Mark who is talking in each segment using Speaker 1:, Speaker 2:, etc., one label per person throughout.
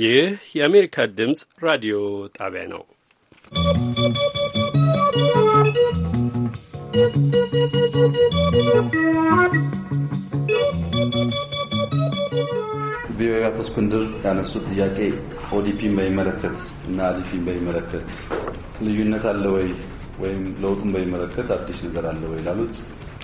Speaker 1: ይህ የአሜሪካ ድምፅ ራዲዮ ጣቢያ ነው።
Speaker 2: ቪኦኤ አቶ እስክንድር ያነሱ ጥያቄ ኦዲፒን በሚመለከት እና አዲፒን በሚመለከት ልዩነት አለ ወይ ወይም ለውጡን በሚመለከት አዲስ ነገር አለ ወይ ላሉት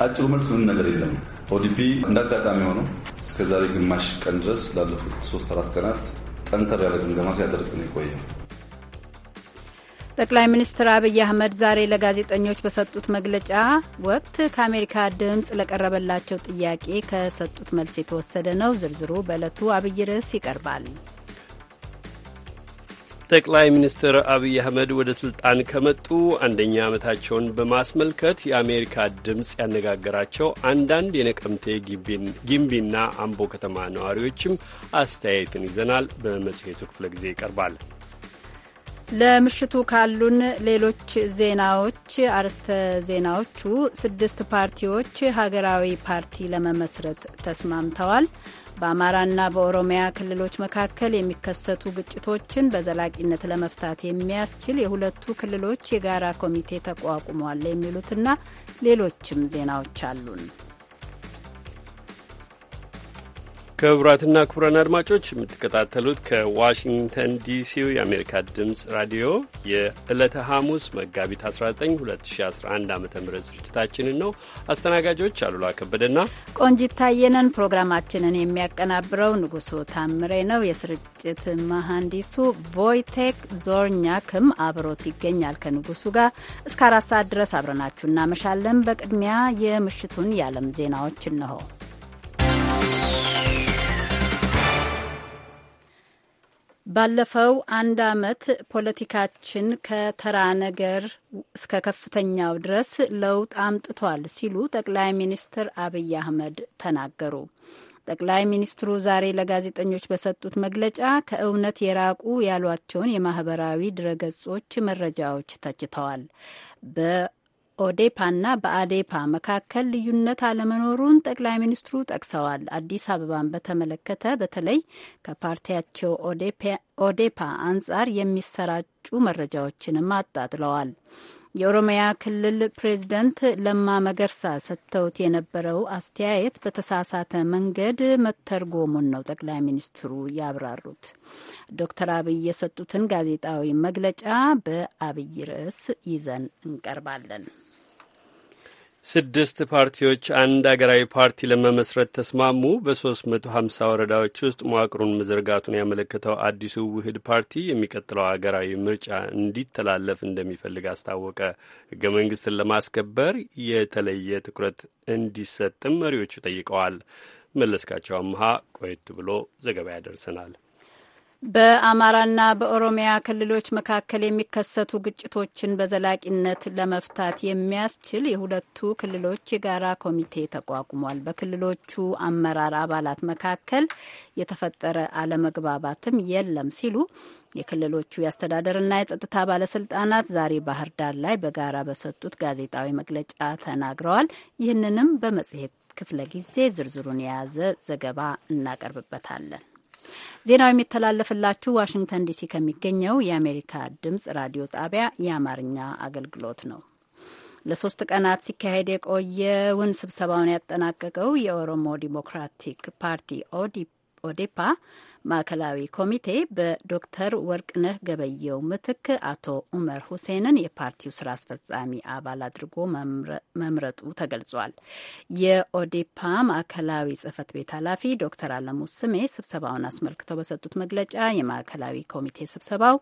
Speaker 2: አጭሩ መልስ ምንም ነገር የለም። ኦዲፒ እንዳጋጣሚ ሆነው እስከዛሬ ግማሽ ቀን ድረስ ላለፉት ሶስት አራት ቀናት ጠንከር ያለ ግምገማ ሲያደርግ ነው የቆየው።
Speaker 3: ጠቅላይ ሚኒስትር አብይ አህመድ ዛሬ ለጋዜጠኞች በሰጡት መግለጫ ወቅት ከአሜሪካ ድምፅ ለቀረበላቸው ጥያቄ ከሰጡት መልስ የተወሰደ ነው። ዝርዝሩ በዕለቱ አብይ ርዕስ ይቀርባል።
Speaker 1: ጠቅላይ ሚኒስትር አብይ አህመድ ወደ ስልጣን ከመጡ አንደኛ ዓመታቸውን በማስመልከት የአሜሪካ ድምፅ ያነጋገራቸው አንዳንድ የነቀምቴ ጊምቢና አምቦ ከተማ ነዋሪዎችም አስተያየትን ይዘናል። በመጽሔቱ ክፍለ ጊዜ ይቀርባል።
Speaker 3: ለምሽቱ ካሉን ሌሎች ዜናዎች አርዕስተ ዜናዎቹ ስድስት ፓርቲዎች ሀገራዊ ፓርቲ ለመመስረት ተስማምተዋል። በአማራና በኦሮሚያ ክልሎች መካከል የሚከሰቱ ግጭቶችን በዘላቂነት ለመፍታት የሚያስችል የሁለቱ ክልሎች የጋራ ኮሚቴ ተቋቁሟል የሚሉትና ሌሎችም ዜናዎች አሉን።
Speaker 1: ክቡራትና ክቡራን አድማጮች የምትከታተሉት ከዋሽንግተን ዲሲው የአሜሪካ ድምፅ ራዲዮ የዕለተ ሐሙስ መጋቢት 19 2011 ዓ ም ስርጭታችንን ነው። አስተናጋጆች አሉላ ከበደና
Speaker 3: ቆንጂት ታየነን። ፕሮግራማችንን የሚያቀናብረው ንጉሱ ታምሬ ነው። የስርጭት መሐንዲሱ ቮይቴክ ዞርኛክም አብሮት ይገኛል። ከንጉሱ ጋር እስከ አራት ሰዓት ድረስ አብረናችሁ እናመሻለን። በቅድሚያ የምሽቱን የዓለም ዜናዎች ነው። ባለፈው አንድ ዓመት ፖለቲካችን ከተራ ነገር እስከ ከፍተኛው ድረስ ለውጥ አምጥቷል ሲሉ ጠቅላይ ሚኒስትር አብይ አህመድ ተናገሩ። ጠቅላይ ሚኒስትሩ ዛሬ ለጋዜጠኞች በሰጡት መግለጫ ከእውነት የራቁ ያሏቸውን የማህበራዊ ድረገጾች መረጃዎች ተችተዋል። ኦዴፓና በአዴፓ መካከል ልዩነት አለመኖሩን ጠቅላይ ሚኒስትሩ ጠቅሰዋል። አዲስ አበባን በተመለከተ በተለይ ከፓርቲያቸው ኦዴፓ አንጻር የሚሰራጩ መረጃዎችንም አጣጥለዋል። የኦሮሚያ ክልል ፕሬዝደንት ለማ መገርሳ ሰጥተውት የነበረው አስተያየት በተሳሳተ መንገድ መተርጎሙን ነው ጠቅላይ ሚኒስትሩ ያብራሩት። ዶክተር አብይ የሰጡትን ጋዜጣዊ መግለጫ በአብይ ርዕስ ይዘን እንቀርባለን።
Speaker 1: ስድስት ፓርቲዎች አንድ አገራዊ ፓርቲ ለመመስረት ተስማሙ። በ350 ወረዳዎች ውስጥ መዋቅሩን መዘርጋቱን ያመለከተው አዲሱ ውህድ ፓርቲ የሚቀጥለው አገራዊ ምርጫ እንዲተላለፍ እንደሚፈልግ አስታወቀ። ህገ መንግስትን ለማስከበር የተለየ ትኩረት እንዲሰጥም መሪዎቹ ጠይቀዋል። መለስካቸው አምሃ ቆየት ብሎ ዘገባ ያደርሰናል።
Speaker 3: በአማራና በኦሮሚያ ክልሎች መካከል የሚከሰቱ ግጭቶችን በዘላቂነት ለመፍታት የሚያስችል የሁለቱ ክልሎች የጋራ ኮሚቴ ተቋቁሟል። በክልሎቹ አመራር አባላት መካከል የተፈጠረ አለመግባባትም የለም ሲሉ የክልሎቹ የአስተዳደርና የጸጥታ ባለስልጣናት ዛሬ ባህር ዳር ላይ በጋራ በሰጡት ጋዜጣዊ መግለጫ ተናግረዋል። ይህንንም በመጽሔት ክፍለ ጊዜ ዝርዝሩን የያዘ ዘገባ እናቀርብበታለን። ዜናው የሚተላለፍላችሁ ዋሽንግተን ዲሲ ከሚገኘው የአሜሪካ ድምጽ ራዲዮ ጣቢያ የአማርኛ አገልግሎት ነው። ለሶስት ቀናት ሲካሄድ የቆየውን ስብሰባውን ያጠናቀቀው የኦሮሞ ዲሞክራቲክ ፓርቲ ኦዴፓ ማዕከላዊ ኮሚቴ በዶክተር ወርቅነህ ገበየው ምትክ አቶ ኡመር ሁሴንን የፓርቲው ስራ አስፈጻሚ አባል አድርጎ መምረጡ ተገልጿል። የኦዴፓ ማዕከላዊ ጽህፈት ቤት ኃላፊ ዶክተር አለሙ ስሜ ስብሰባውን አስመልክተው በሰጡት መግለጫ የማዕከላዊ ኮሚቴ ስብሰባው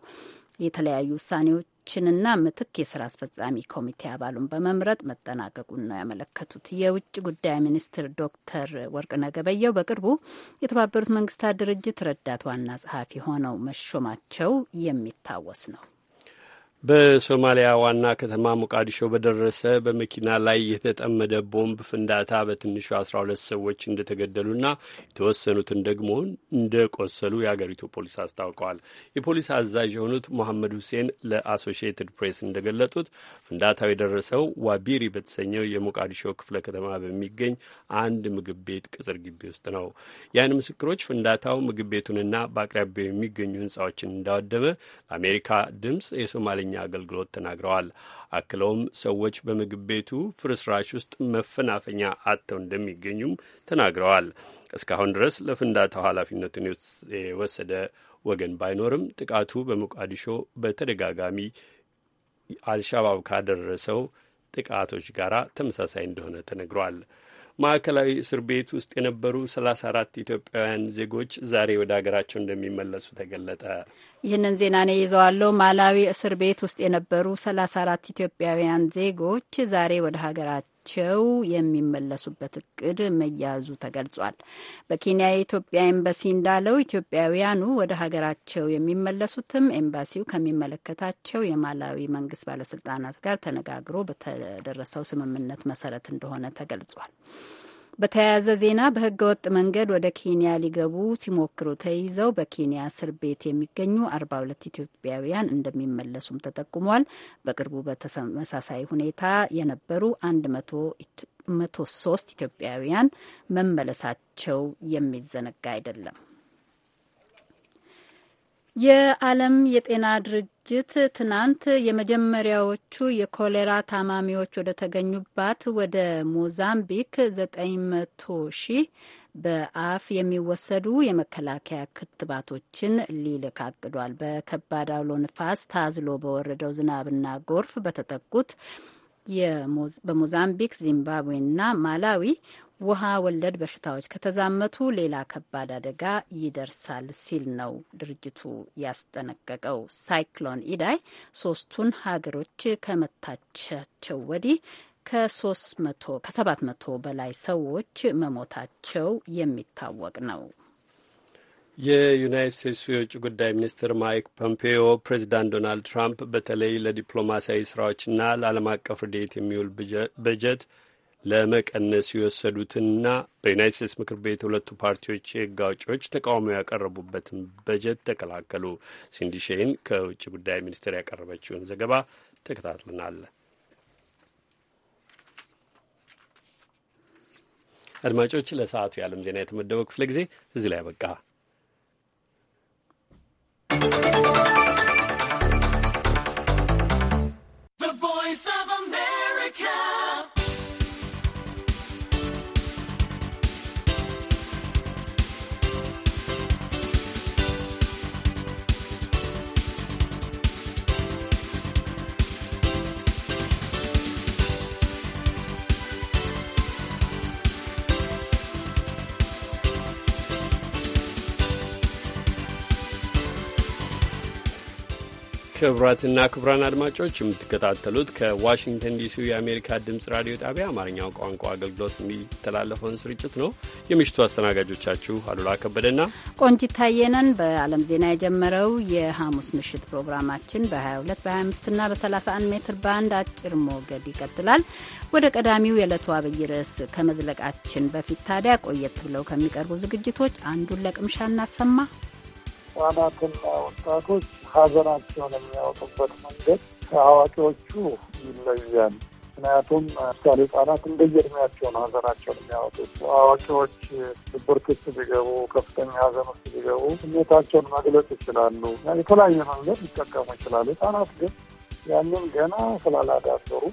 Speaker 3: የተለያዩ ውሳኔዎች ዳኞችንና ምትክ የስራ አስፈጻሚ ኮሚቴ አባሉን በመምረጥ መጠናቀቁን ነው ያመለከቱት። የውጭ ጉዳይ ሚኒስትር ዶክተር ወርቅነህ ገበየሁ በቅርቡ የተባበሩት መንግስታት ድርጅት ረዳት ዋና ጸሐፊ ሆነው መሾማቸው የሚታወስ ነው።
Speaker 1: በሶማሊያ ዋና ከተማ ሞቃዲሾ በደረሰ በመኪና ላይ የተጠመደ ቦምብ ፍንዳታ በትንሹ አስራ ሁለት ሰዎች እንደተገደሉና የተወሰኑትን ደግሞ እንደቆሰሉ የአገሪቱ ፖሊስ አስታውቀዋል። የፖሊስ አዛዥ የሆኑት ሞሐመድ ሁሴን ለአሶሺየትድ ፕሬስ እንደገለጡት ፍንዳታው የደረሰው ዋቢሪ በተሰኘው የሞቃዲሾ ክፍለ ከተማ በሚገኝ አንድ ምግብ ቤት ቅጽር ግቢ ውስጥ ነው። የዓይን ምስክሮች ፍንዳታው ምግብ ቤቱንና በአቅራቢያው የሚገኙ ህንጻዎችን እንዳወደመ ለአሜሪካ ድምጽ የሶማሌኛ አገልግሎት ተናግረዋል። አክለውም ሰዎች በምግብ ቤቱ ፍርስራሽ ውስጥ መፈናፈኛ አጥተው እንደሚገኙም ተናግረዋል። እስካሁን ድረስ ለፍንዳታው ኃላፊነቱን የወሰደ ወገን ባይኖርም ጥቃቱ በሞቃዲሾ በተደጋጋሚ አልሻባብ ካደረሰው ጥቃቶች ጋር ተመሳሳይ እንደሆነ ተነግሯል። ማዕከላዊ እስር ቤት ውስጥ የነበሩ 34 አራት ኢትዮጵያውያን ዜጎች ዛሬ ወደ ሀገራቸው እንደሚመለሱ ተገለጠ።
Speaker 3: ይህንን ዜና ነው ይዘዋለሁ። ማላዊ እስር ቤት ውስጥ የነበሩ 34 ት ኢትዮጵያውያን ዜጎች ዛሬ ወደ ሀገራቸው ቸው የሚመለሱበት እቅድ መያዙ ተገልጿል። በኬንያ የኢትዮጵያ ኤምባሲ እንዳለው ኢትዮጵያውያኑ ወደ ሀገራቸው የሚመለሱትም ኤምባሲው ከሚመለከታቸው የማላዊ መንግስት ባለስልጣናት ጋር ተነጋግሮ በተደረሰው ስምምነት መሰረት እንደሆነ ተገልጿል። በተያያዘ ዜና በህገወጥ መንገድ ወደ ኬንያ ሊገቡ ሲሞክሩ ተይዘው በኬንያ እስር ቤት የሚገኙ አርባ ሁለት ኢትዮጵያውያን እንደሚመለሱም ተጠቁሟል። በቅርቡ በተመሳሳይ ሁኔታ የነበሩ አንድ መቶ ሶስት ኢትዮጵያውያን መመለሳቸው የሚዘነጋ አይደለም። የዓለም የጤና ድርጅት ትናንት የመጀመሪያዎቹ የኮሌራ ታማሚዎች ወደ ተገኙባት ወደ ሞዛምቢክ ዘጠኝ መቶ ሺህ በአፍ የሚወሰዱ የመከላከያ ክትባቶችን ሊልክ አቅዷል። በከባድ አውሎ ንፋስ ታዝሎ በወረደው ዝናብና ጎርፍ በተጠቁት በሞዛምቢክ ዚምባብዌና ማላዊ ውሃ ወለድ በሽታዎች ከተዛመቱ ሌላ ከባድ አደጋ ይደርሳል ሲል ነው ድርጅቱ ያስጠነቀቀው። ሳይክሎን ኢዳይ ሶስቱን ሀገሮች ከመታቻቸው ወዲህ ከ መቶ ከ በላይ ሰዎች መሞታቸው የሚታወቅ
Speaker 1: ነው። የዩናይት ስቴትስ የውጭ ጉዳይ ሚኒስትር ማይክ ፖምፔዮ ፕሬዚዳንት ዶናልድ ትራምፕ በተለይ ለዲፕሎማሲያዊ ስራዎችና ለዓለም አቀፍ ርዴት የሚውል በጀት ለመቀነስ የወሰዱትንና በዩናይት ስቴትስ ምክር ቤት ሁለቱ ፓርቲዎች የህግ አውጪዎች ተቃውሞ ያቀረቡበትን በጀት ተከላከሉ። ሲንዲ ሼይን ከውጭ ጉዳይ ሚኒስቴር ያቀረበችውን ዘገባ ተከታትለናል። አድማጮች፣ ለሰዓቱ የዓለም ዜና የተመደበው ክፍለ ጊዜ እዚህ ላይ አበቃ። ክቡራትና ክቡራን አድማጮች የምትከታተሉት ከዋሽንግተን ዲሲ የአሜሪካ ድምፅ ራዲዮ ጣቢያ አማርኛው ቋንቋ አገልግሎት የሚተላለፈውን ስርጭት ነው። የምሽቱ አስተናጋጆቻችሁ አሉላ ከበደና
Speaker 3: ቆንጂት ታየነን። በዓለም ዜና የጀመረው የሐሙስ ምሽት ፕሮግራማችን በ22 በ25ና በ31 ሜትር ባንድ አጭር ሞገድ ይቀጥላል። ወደ ቀዳሚው የዕለቱ አብይ ርዕስ ከመዝለቃችን በፊት ታዲያ ቆየት ብለው ከሚቀርቡ ዝግጅቶች አንዱን ለቅምሻ እናሰማ።
Speaker 4: ህጻናትና ወጣቶች ሀዘናቸውን የሚያወጡበት መንገድ ከአዋቂዎቹ ይለያል። ምክንያቱም ምሳሌ ህጻናት እንደየእድሜያቸው ነው ሀዘናቸውን የሚያወጡት። አዋቂዎች ድብርት ውስጥ ቢገቡ፣ ከፍተኛ ሀዘን ውስጥ ቢገቡ ስሜታቸውን መግለጽ ይችላሉ። የተለያየ መንገድ ሊጠቀሙ ይችላሉ። ህጻናት ግን ያንን ገና ስላላዳበሩ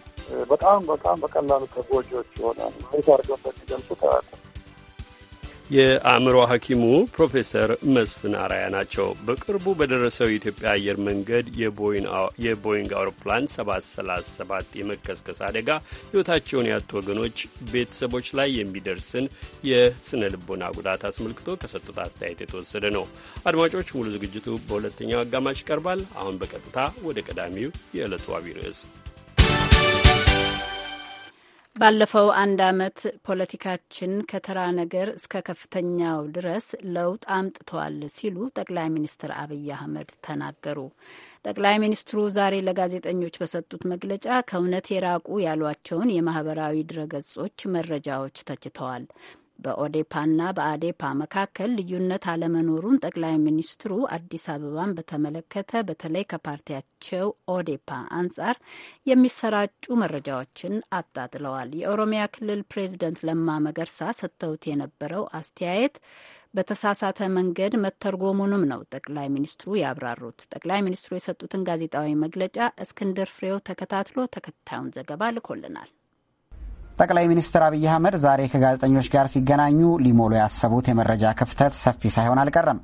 Speaker 4: በጣም በጣም በቀላሉ ተጎጂዎች ይሆናሉ። እንዴት አድርገው እንደሚገልጹ
Speaker 1: የአእምሮ ሐኪሙ ፕሮፌሰር መስፍን አራያ ናቸው። በቅርቡ በደረሰው የኢትዮጵያ አየር መንገድ የቦይንግ አውሮፕላን 737 የመከስከስ አደጋ ሕይወታቸውን ያጡ ወገኖች ቤተሰቦች ላይ የሚደርስን የስነ ልቦና ጉዳት አስመልክቶ ከሰጡት አስተያየት የተወሰደ ነው። አድማጮች፣ ሙሉ ዝግጅቱ በሁለተኛው አጋማሽ ይቀርባል። አሁን በቀጥታ ወደ ቀዳሚው የዕለቱ አቢይ ርዕስ
Speaker 3: ባለፈው አንድ ዓመት ፖለቲካችን ከተራ ነገር እስከ ከፍተኛው ድረስ ለውጥ አምጥተዋል ሲሉ ጠቅላይ ሚኒስትር አብይ አህመድ ተናገሩ። ጠቅላይ ሚኒስትሩ ዛሬ ለጋዜጠኞች በሰጡት መግለጫ ከእውነት የራቁ ያሏቸውን የማህበራዊ ድረገጾች መረጃዎች ተችተዋል። በኦዴፓና በአዴፓ መካከል ልዩነት አለመኖሩን ጠቅላይ ሚኒስትሩ አዲስ አበባን በተመለከተ በተለይ ከፓርቲያቸው ኦዴፓ አንጻር የሚሰራጩ መረጃዎችን አጣጥለዋል። የኦሮሚያ ክልል ፕሬዚደንት ለማ መገርሳ ሰጥተውት የነበረው አስተያየት በተሳሳተ መንገድ መተርጎሙንም ነው ጠቅላይ ሚኒስትሩ ያብራሩት። ጠቅላይ ሚኒስትሩ የሰጡትን ጋዜጣዊ መግለጫ እስክንድር ፍሬው ተከታትሎ ተከታዩን ዘገባ ልኮልናል።
Speaker 5: ጠቅላይ ሚኒስትር አብይ አህመድ ዛሬ ከጋዜጠኞች ጋር ሲገናኙ ሊሞሉ ያሰቡት የመረጃ ክፍተት ሰፊ ሳይሆን አልቀረም።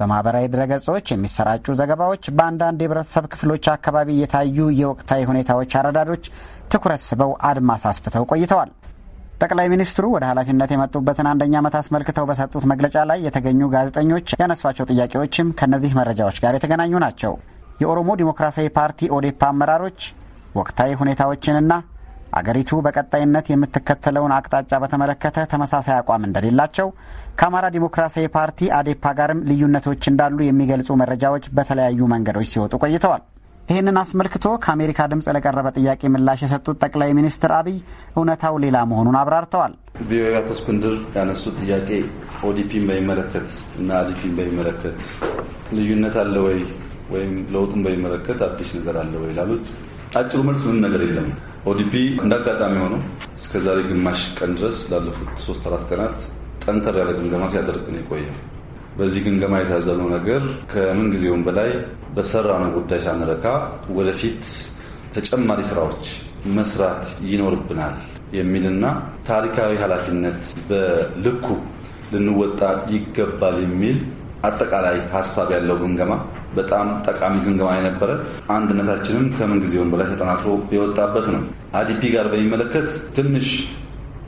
Speaker 5: በማህበራዊ ድረገጾች የሚሰራጩ ዘገባዎች፣ በአንዳንድ የህብረተሰብ ክፍሎች አካባቢ የታዩ የወቅታዊ ሁኔታዎች አረዳዶች ትኩረት ስበው አድማስ አስፍተው ቆይተዋል። ጠቅላይ ሚኒስትሩ ወደ ኃላፊነት የመጡበትን አንደኛ ዓመት አስመልክተው በሰጡት መግለጫ ላይ የተገኙ ጋዜጠኞች ያነሷቸው ጥያቄዎችም ከእነዚህ መረጃዎች ጋር የተገናኙ ናቸው። የኦሮሞ ዴሞክራሲያዊ ፓርቲ ኦዴፓ አመራሮች ወቅታዊ ሁኔታዎችንና አገሪቱ በቀጣይነት የምትከተለውን አቅጣጫ በተመለከተ ተመሳሳይ አቋም እንደሌላቸው ከአማራ ዲሞክራሲያዊ ፓርቲ አዴፓ ጋርም ልዩነቶች እንዳሉ የሚገልጹ መረጃዎች በተለያዩ መንገዶች ሲወጡ ቆይተዋል። ይህንን አስመልክቶ ከአሜሪካ ድምፅ ለቀረበ ጥያቄ ምላሽ የሰጡት ጠቅላይ ሚኒስትር አብይ እውነታው ሌላ መሆኑን
Speaker 2: አብራርተዋል። ቪኦኤ አቶ እስክንድር ያነሱት ጥያቄ ኦዲፒን በሚመለከት እና አዲፒን በሚመለከት ልዩነት አለ ወይ ወይም ለውጡን በሚመለከት አዲስ ነገር አለ ወይ ላሉት አጭሩ መልስ ምን ነገር የለም ኦዲፒ እንዳጋጣሚ ሆኖ እስከዛሬ ግማሽ ቀን ድረስ ላለፉት ሶስት አራት ቀናት ጠንተር ያለ ግምገማ ሲያደርግ ነው የቆየው። በዚህ ግምገማ የታዘብነው ነገር ከምን ጊዜውም በላይ በሰራነው ጉዳይ ሳንረካ ወደፊት ተጨማሪ ስራዎች መስራት ይኖርብናል የሚልና ታሪካዊ ኃላፊነት በልኩ ልንወጣ ይገባል የሚል አጠቃላይ ሀሳብ ያለው ግምገማ በጣም ጠቃሚ ግምገማ የነበረ አንድነታችንም ከምን ጊዜውን በላይ ተጠናክሮ የወጣበት ነው። አዲፒ ጋር በሚመለከት ትንሽ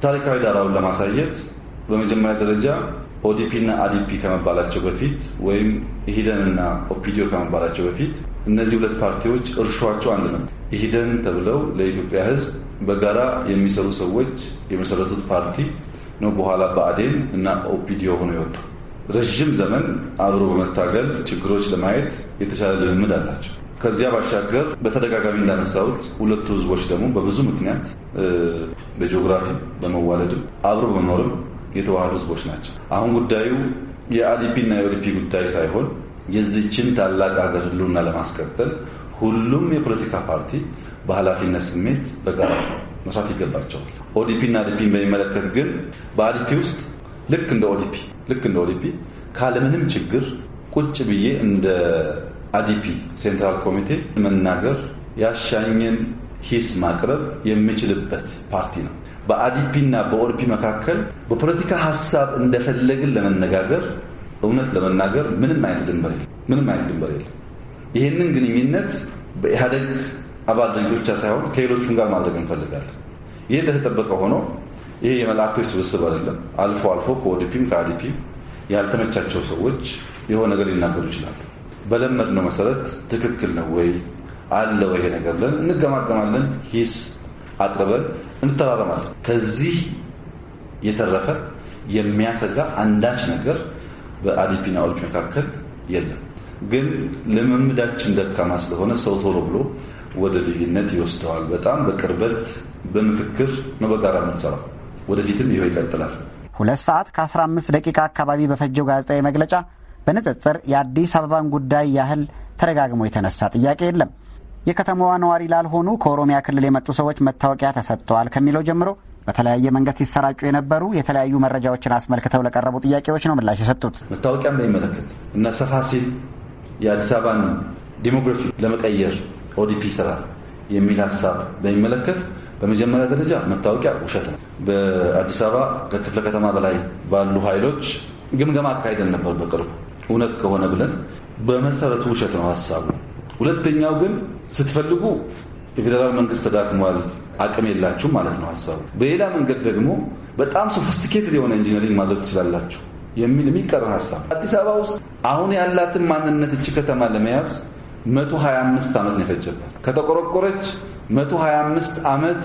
Speaker 2: ታሪካዊ ዳራውን ለማሳየት በመጀመሪያ ደረጃ ኦዲፒ እና አዲፒ ከመባላቸው በፊት ወይም ኢሂደን እና ኦፒዲዮ ከመባላቸው በፊት እነዚህ ሁለት ፓርቲዎች እርሾቸው አንድ ነው። ኢሂደን ተብለው ለኢትዮጵያ ሕዝብ በጋራ የሚሰሩ ሰዎች የመሰረቱት ፓርቲ ነው። በኋላ በአዴን እና ኦፒዲዮ ሆኖ የወጣው ረዥም ዘመን አብሮ በመታገል ችግሮች ለማየት የተሻለ ልምምድ አላቸው። ከዚያ ባሻገር በተደጋጋሚ እንዳነሳሁት ሁለቱ ህዝቦች ደግሞ በብዙ ምክንያት በጂኦግራፊ በመዋለድም አብሮ በመኖርም የተዋሃዱ ህዝቦች ናቸው። አሁን ጉዳዩ የአዲፒ የኦዲፒ ጉዳይ ሳይሆን የዚችን ታላቅ ሀገር ህልውና ለማስቀጠል ሁሉም የፖለቲካ ፓርቲ በኃላፊነት ስሜት በጋራ መስራት ይገባቸዋል። ኦዲፒ እና አዲፒን በሚመለከት ግን በአዲፒ ውስጥ ልክ እንደ ኦዲፒ ልክ እንደ ኦዲፒ ካለምንም ችግር ቁጭ ብዬ እንደ አዲፒ ሴንትራል ኮሚቴ መናገር ያሻኝን ሂስ ማቅረብ የምችልበት ፓርቲ ነው። በአዲፒ እና በኦዲፒ መካከል በፖለቲካ ሀሳብ እንደፈለግን ለመነጋገር እውነት ለመናገር ምንም አይነት ድንበር የለም፣ ምንም አይነት ድንበር የለም። ይህንን ግንኙነት በኢህአደግ አባል ድርጅቶች ብቻ ሳይሆን ከሌሎቹም ጋር ማድረግ እንፈልጋለን። ይህ እንደተጠበቀ ሆኖ ይህ የመላእክቶች ስብስብ አይደለም። አልፎ አልፎ ከኦዲፒም ከአዲፒም ያልተመቻቸው ሰዎች የሆነ ነገር ሊናገሩ ይችላሉ። በለመድ ነው መሰረት ትክክል ነው ወይ አለ ወይ ይሄ ነገር ብለን እንገማገማለን። ሂስ አቅርበን እንተራረማለን። ከዚህ የተረፈ የሚያሰጋ አንዳች ነገር በአዲፒና ኦዲፒ መካከል የለም። ግን ልምምዳችን ደካማ ስለሆነ ሰው ቶሎ ብሎ ወደ ልዩነት ይወስደዋል። በጣም በቅርበት በምክክር ነው በጋራ የምንሰራው። ወደፊትም ይኸው ይቀጥላል።
Speaker 5: ሁለት ሰዓት ከ15 ደቂቃ አካባቢ በፈጀው ጋዜጣዊ መግለጫ በንጽጽር የአዲስ አበባን ጉዳይ ያህል ተደጋግሞ የተነሳ ጥያቄ የለም። የከተማዋ ነዋሪ ላልሆኑ ከኦሮሚያ ክልል የመጡ ሰዎች መታወቂያ ተሰጥተዋል ከሚለው ጀምሮ በተለያየ መንገድ ሲሰራጩ የነበሩ የተለያዩ መረጃዎችን አስመልክተው ለቀረቡ ጥያቄዎች ነው ምላሽ የሰጡት።
Speaker 2: መታወቂያን በሚመለከት እና ሰፋ ሲል የአዲስ አበባን ዲሞግራፊ ለመቀየር ኦዲፒ ስራ የሚል ሀሳብ በሚመለከት በመጀመሪያ ደረጃ መታወቂያ ውሸት ነው። በአዲስ አበባ ከክፍለ ከተማ በላይ ባሉ ኃይሎች ግምገማ አካሄደን ነበር በቅርቡ እውነት ከሆነ ብለን በመሰረቱ ውሸት ነው ሀሳቡ። ሁለተኛው ግን ስትፈልጉ የፌዴራል መንግስት ተዳክሟል፣ አቅም የላችሁም ማለት ነው ሀሳቡ። በሌላ መንገድ ደግሞ በጣም ሶፊስቲኬትድ የሆነ ኢንጂነሪንግ ማድረግ ትችላላችሁ የሚል የሚቀረን ሀሳብ። አዲስ አበባ ውስጥ አሁን ያላትን ማንነት እች ከተማ ለመያዝ 125 ዓመት ነው የፈጀባት ከተቆረቆረች 125 ዓመት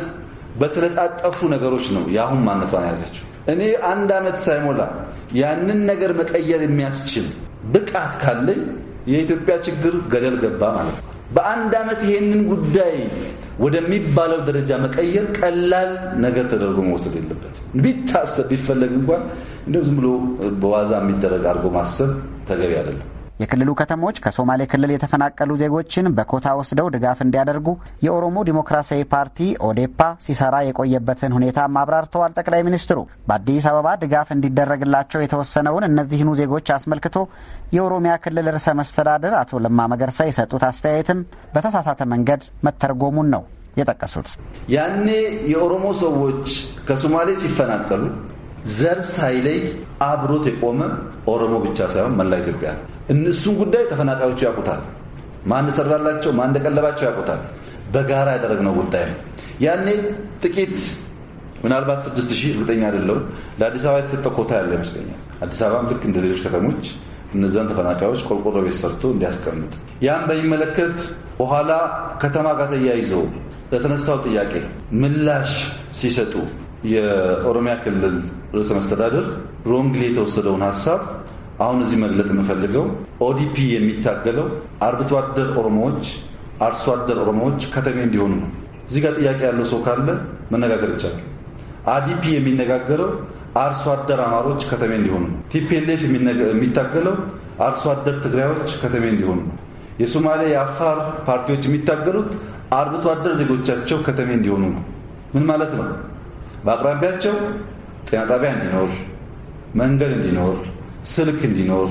Speaker 2: በተለጣጠፉ ነገሮች ነው የአሁን ማነቷን ያዘችው። እኔ አንድ ዓመት ሳይሞላ ያንን ነገር መቀየር የሚያስችል ብቃት ካለኝ የኢትዮጵያ ችግር ገደል ገባ ማለት ነው። በአንድ ዓመት ይሄንን ጉዳይ ወደሚባለው ደረጃ መቀየር ቀላል ነገር ተደርጎ መውሰድ የለበትም። ቢታሰብ ቢፈለግ እንኳን እንዲሁም ዝም ብሎ በዋዛ የሚደረግ አድርጎ ማሰብ ተገቢ አይደለም።
Speaker 5: የክልሉ ከተሞች ከሶማሌ ክልል የተፈናቀሉ ዜጎችን በኮታ ወስደው ድጋፍ እንዲያደርጉ የኦሮሞ ዲሞክራሲያዊ ፓርቲ ኦዴፓ ሲሰራ የቆየበትን ሁኔታ አብራርተዋል። ጠቅላይ ሚኒስትሩ በአዲስ አበባ ድጋፍ እንዲደረግላቸው የተወሰነውን እነዚህኑ ዜጎች አስመልክቶ የኦሮሚያ ክልል ርዕሰ መስተዳደር አቶ ለማ መገርሳ የሰጡት አስተያየትም በተሳሳተ መንገድ መተርጎሙን ነው የጠቀሱት።
Speaker 2: ያኔ የኦሮሞ ሰዎች ከሶማሌ ሲፈናቀሉ ዘር ሳይለይ አብሮት የቆመ ኦሮሞ ብቻ ሳይሆን መላ ኢትዮጵያ ነው። እነሱን ጉዳይ ተፈናቃዮቹ ያውቁታል። ማን እንደሰራላቸው ማን እንደቀለባቸው ያውቁታል። በጋራ ያደረግነው ጉዳይ ነው። ያኔ ጥቂት ምናልባት ስድስት ሺህ እርግጠኛ አይደለሁም። ለአዲስ አበባ የተሰጠ ኮታ ያለ ይመስለኛል። አዲስ አበባም ልክ እንደ ሌሎች ከተሞች እነዚያን ተፈናቃዮች ቆርቆሮ ቤት ሰርቶ እንዲያስቀምጥ ያን በሚመለከት በኋላ ከተማ ጋር ተያይዞ ለተነሳው ጥያቄ ምላሽ ሲሰጡ የኦሮሚያ ክልል ርዕሰ መስተዳድር ሮንግሌ የተወሰደውን ሀሳብ አሁን እዚህ መግለጥ የምፈልገው ኦዲፒ የሚታገለው አርብቶ አደር ኦሮሞዎች፣ አርሶ አደር ኦሮሞዎች ከተሜ እንዲሆኑ ነው። እዚህ ጋር ጥያቄ ያለው ሰው ካለ መነጋገር ይቻላል። አዲፒ የሚነጋገረው አርሶ አደር አማሮች ከተሜ እንዲሆኑ ነው። ቲፒኤልኤፍ የሚታገለው አርሶ አደር ትግራዮች ከተሜ እንዲሆኑ ነው። የሶማሌ የአፋር ፓርቲዎች የሚታገሉት አርብቶ አደር ዜጎቻቸው ከተሜ እንዲሆኑ ነው። ምን ማለት ነው? በአቅራቢያቸው ጤና ጣቢያ እንዲኖር፣ መንገድ እንዲኖር ስልክ እንዲኖር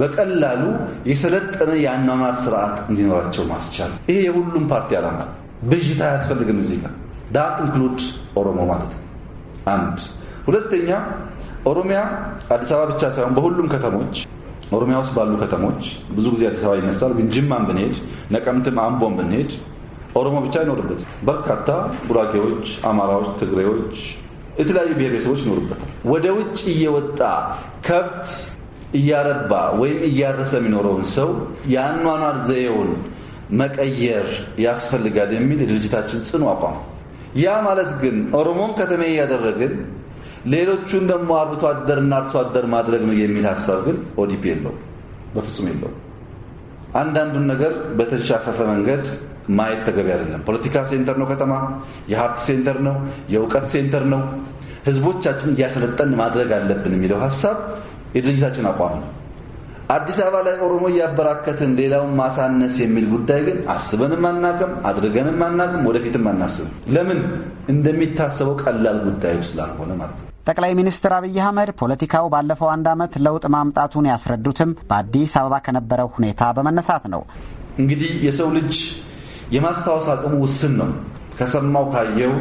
Speaker 2: በቀላሉ የሰለጠነ የአኗኗር ስርዓት እንዲኖራቸው ማስቻል ይሄ የሁሉም ፓርቲ አላማ ብዥታ አያስፈልግም። እዚህ ጋር ዳት ኢንክሉድ ኦሮሞ ማለት ነው። አንድ ሁለተኛ፣ ኦሮሚያ አዲስ አበባ ብቻ ሳይሆን በሁሉም ከተሞች ኦሮሚያ ውስጥ ባሉ ከተሞች ብዙ ጊዜ አዲስ አበባ ይነሳል፣ ግን ጅማን ብንሄድ፣ ነቀምትም አምቦን ብንሄድ ኦሮሞ ብቻ አይኖርበትም። በርካታ ጉራጌዎች፣ አማራዎች፣ ትግሬዎች፣ የተለያዩ ብሔረሰቦች ይኖሩበታል። ወደ ውጭ እየወጣ ከብት እያረባ ወይም እያረሰ የሚኖረውን ሰው የአኗኗር ዘዬውን መቀየር ያስፈልጋል የሚል የድርጅታችን ጽኑ አቋም። ያ ማለት ግን ኦሮሞን ከተሜ እያደረግን ሌሎቹን ደግሞ አርብቶ አደርና አርሶ አደር ማድረግ ነው የሚል ሀሳብ ግን ኦዲፒ የለው፣ በፍጹም የለውም። አንዳንዱን ነገር በተንሻፈፈ መንገድ ማየት ተገቢ አይደለም። ፖለቲካ ሴንተር ነው ከተማ፣ የሀብት ሴንተር ነው፣ የእውቀት ሴንተር ነው። ህዝቦቻችን እያሰለጠን ማድረግ አለብን የሚለው ሀሳብ የድርጅታችን አቋም ነው። አዲስ አበባ ላይ ኦሮሞ እያበራከትን ሌላውን ማሳነስ የሚል ጉዳይ ግን አስበንም አናቅም፣ አድርገንም አናቅም፣ ወደፊትም አናስብም። ለምን እንደሚታሰበው ቀላል ጉዳይ ስላልሆነ ማለት ነው።
Speaker 5: ጠቅላይ ሚኒስትር አብይ አህመድ ፖለቲካው ባለፈው አንድ ዓመት ለውጥ ማምጣቱን ያስረዱትም በአዲስ አበባ ከነበረው ሁኔታ በመነሳት ነው። እንግዲህ
Speaker 2: የሰው ልጅ የማስታወስ አቅሙ ውስን ነው። ከሰማው ካየው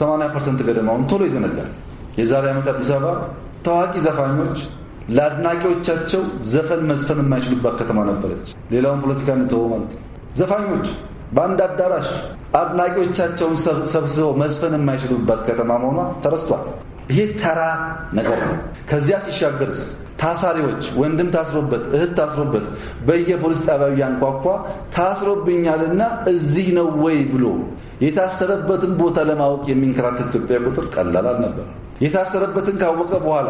Speaker 2: 80 ፐርሰንት ገደማውን ቶሎ ይዘነጋል። የዛሬ ዓመት አዲስ አበባ ታዋቂ ዘፋኞች ለአድናቂዎቻቸው ዘፈን መዝፈን የማይችሉባት ከተማ ነበረች። ሌላውን ፖለቲካ እንተወው ማለት ነው። ዘፋኞች በአንድ አዳራሽ አድናቂዎቻቸውን ሰብስበው መዝፈን የማይችሉባት ከተማ መሆኗ ተረስቷል። ይሄ ተራ ነገር ነው። ከዚያ ሲሻገርስ ታሳሪዎች ወንድም ታስሮበት እህት ታስሮበት በየፖሊስ ጣቢያው ያንኳኳ ታስሮብኛልና እዚህ ነው ወይ ብሎ የታሰረበትን ቦታ ለማወቅ የሚንከራተት ኢትዮጵያ ቁጥር ቀላል አልነበረም። የታሰረበትን ካወቀ በኋላ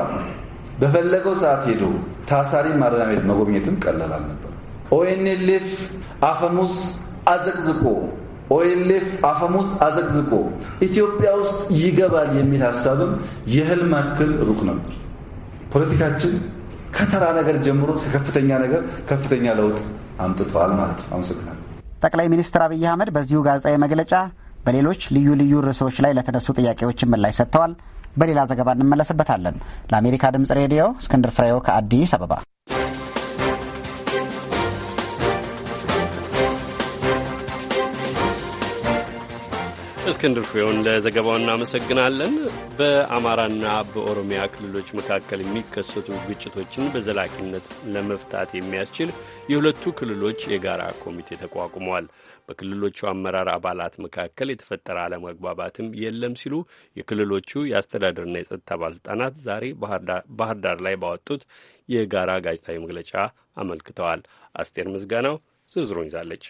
Speaker 2: በፈለገው ሰዓት ሄዶ ታሳሪ ማረሚያ ቤት መጎብኘትም ቀላል አልነበር። ኦኤንኤልኤፍ አፈሙስ አዘቅዝቆ ኦኤልኤፍ አፈሙስ አዘቅዝቆ ኢትዮጵያ ውስጥ ይገባል የሚል ሀሳብም የህልም ያክል ሩቅ ነበር። ፖለቲካችን ከተራ ነገር ጀምሮ እስከ ከፍተኛ ነገር ከፍተኛ ለውጥ አምጥተዋል ማለት ነው። አመሰግናለሁ።
Speaker 5: ጠቅላይ ሚኒስትር አብይ አህመድ በዚሁ ጋዜጣዊ መግለጫ በሌሎች ልዩ ልዩ ርዕሶች ላይ ለተነሱ ጥያቄዎችን ምላሽ ሰጥተዋል። በሌላ ዘገባ እንመለስበታለን። ለአሜሪካ ድምጽ ሬዲዮ እስክንድር ፍሬው ከአዲስ አበባ።
Speaker 1: እስክንድር ፍሬውን ለዘገባው እናመሰግናለን። በአማራና በኦሮሚያ ክልሎች መካከል የሚከሰቱ ግጭቶችን በዘላቂነት ለመፍታት የሚያስችል የሁለቱ ክልሎች የጋራ ኮሚቴ ተቋቁመዋል። በክልሎቹ አመራር አባላት መካከል የተፈጠረ አለመግባባትም የለም ሲሉ የክልሎቹ የአስተዳደርና የጸጥታ ባለስልጣናት ዛሬ ባህር ዳር ላይ ባወጡት የጋራ ጋዜጣዊ መግለጫ አመልክተዋል። አስቴር ምስጋናው ዝርዝሩን ይዛለች።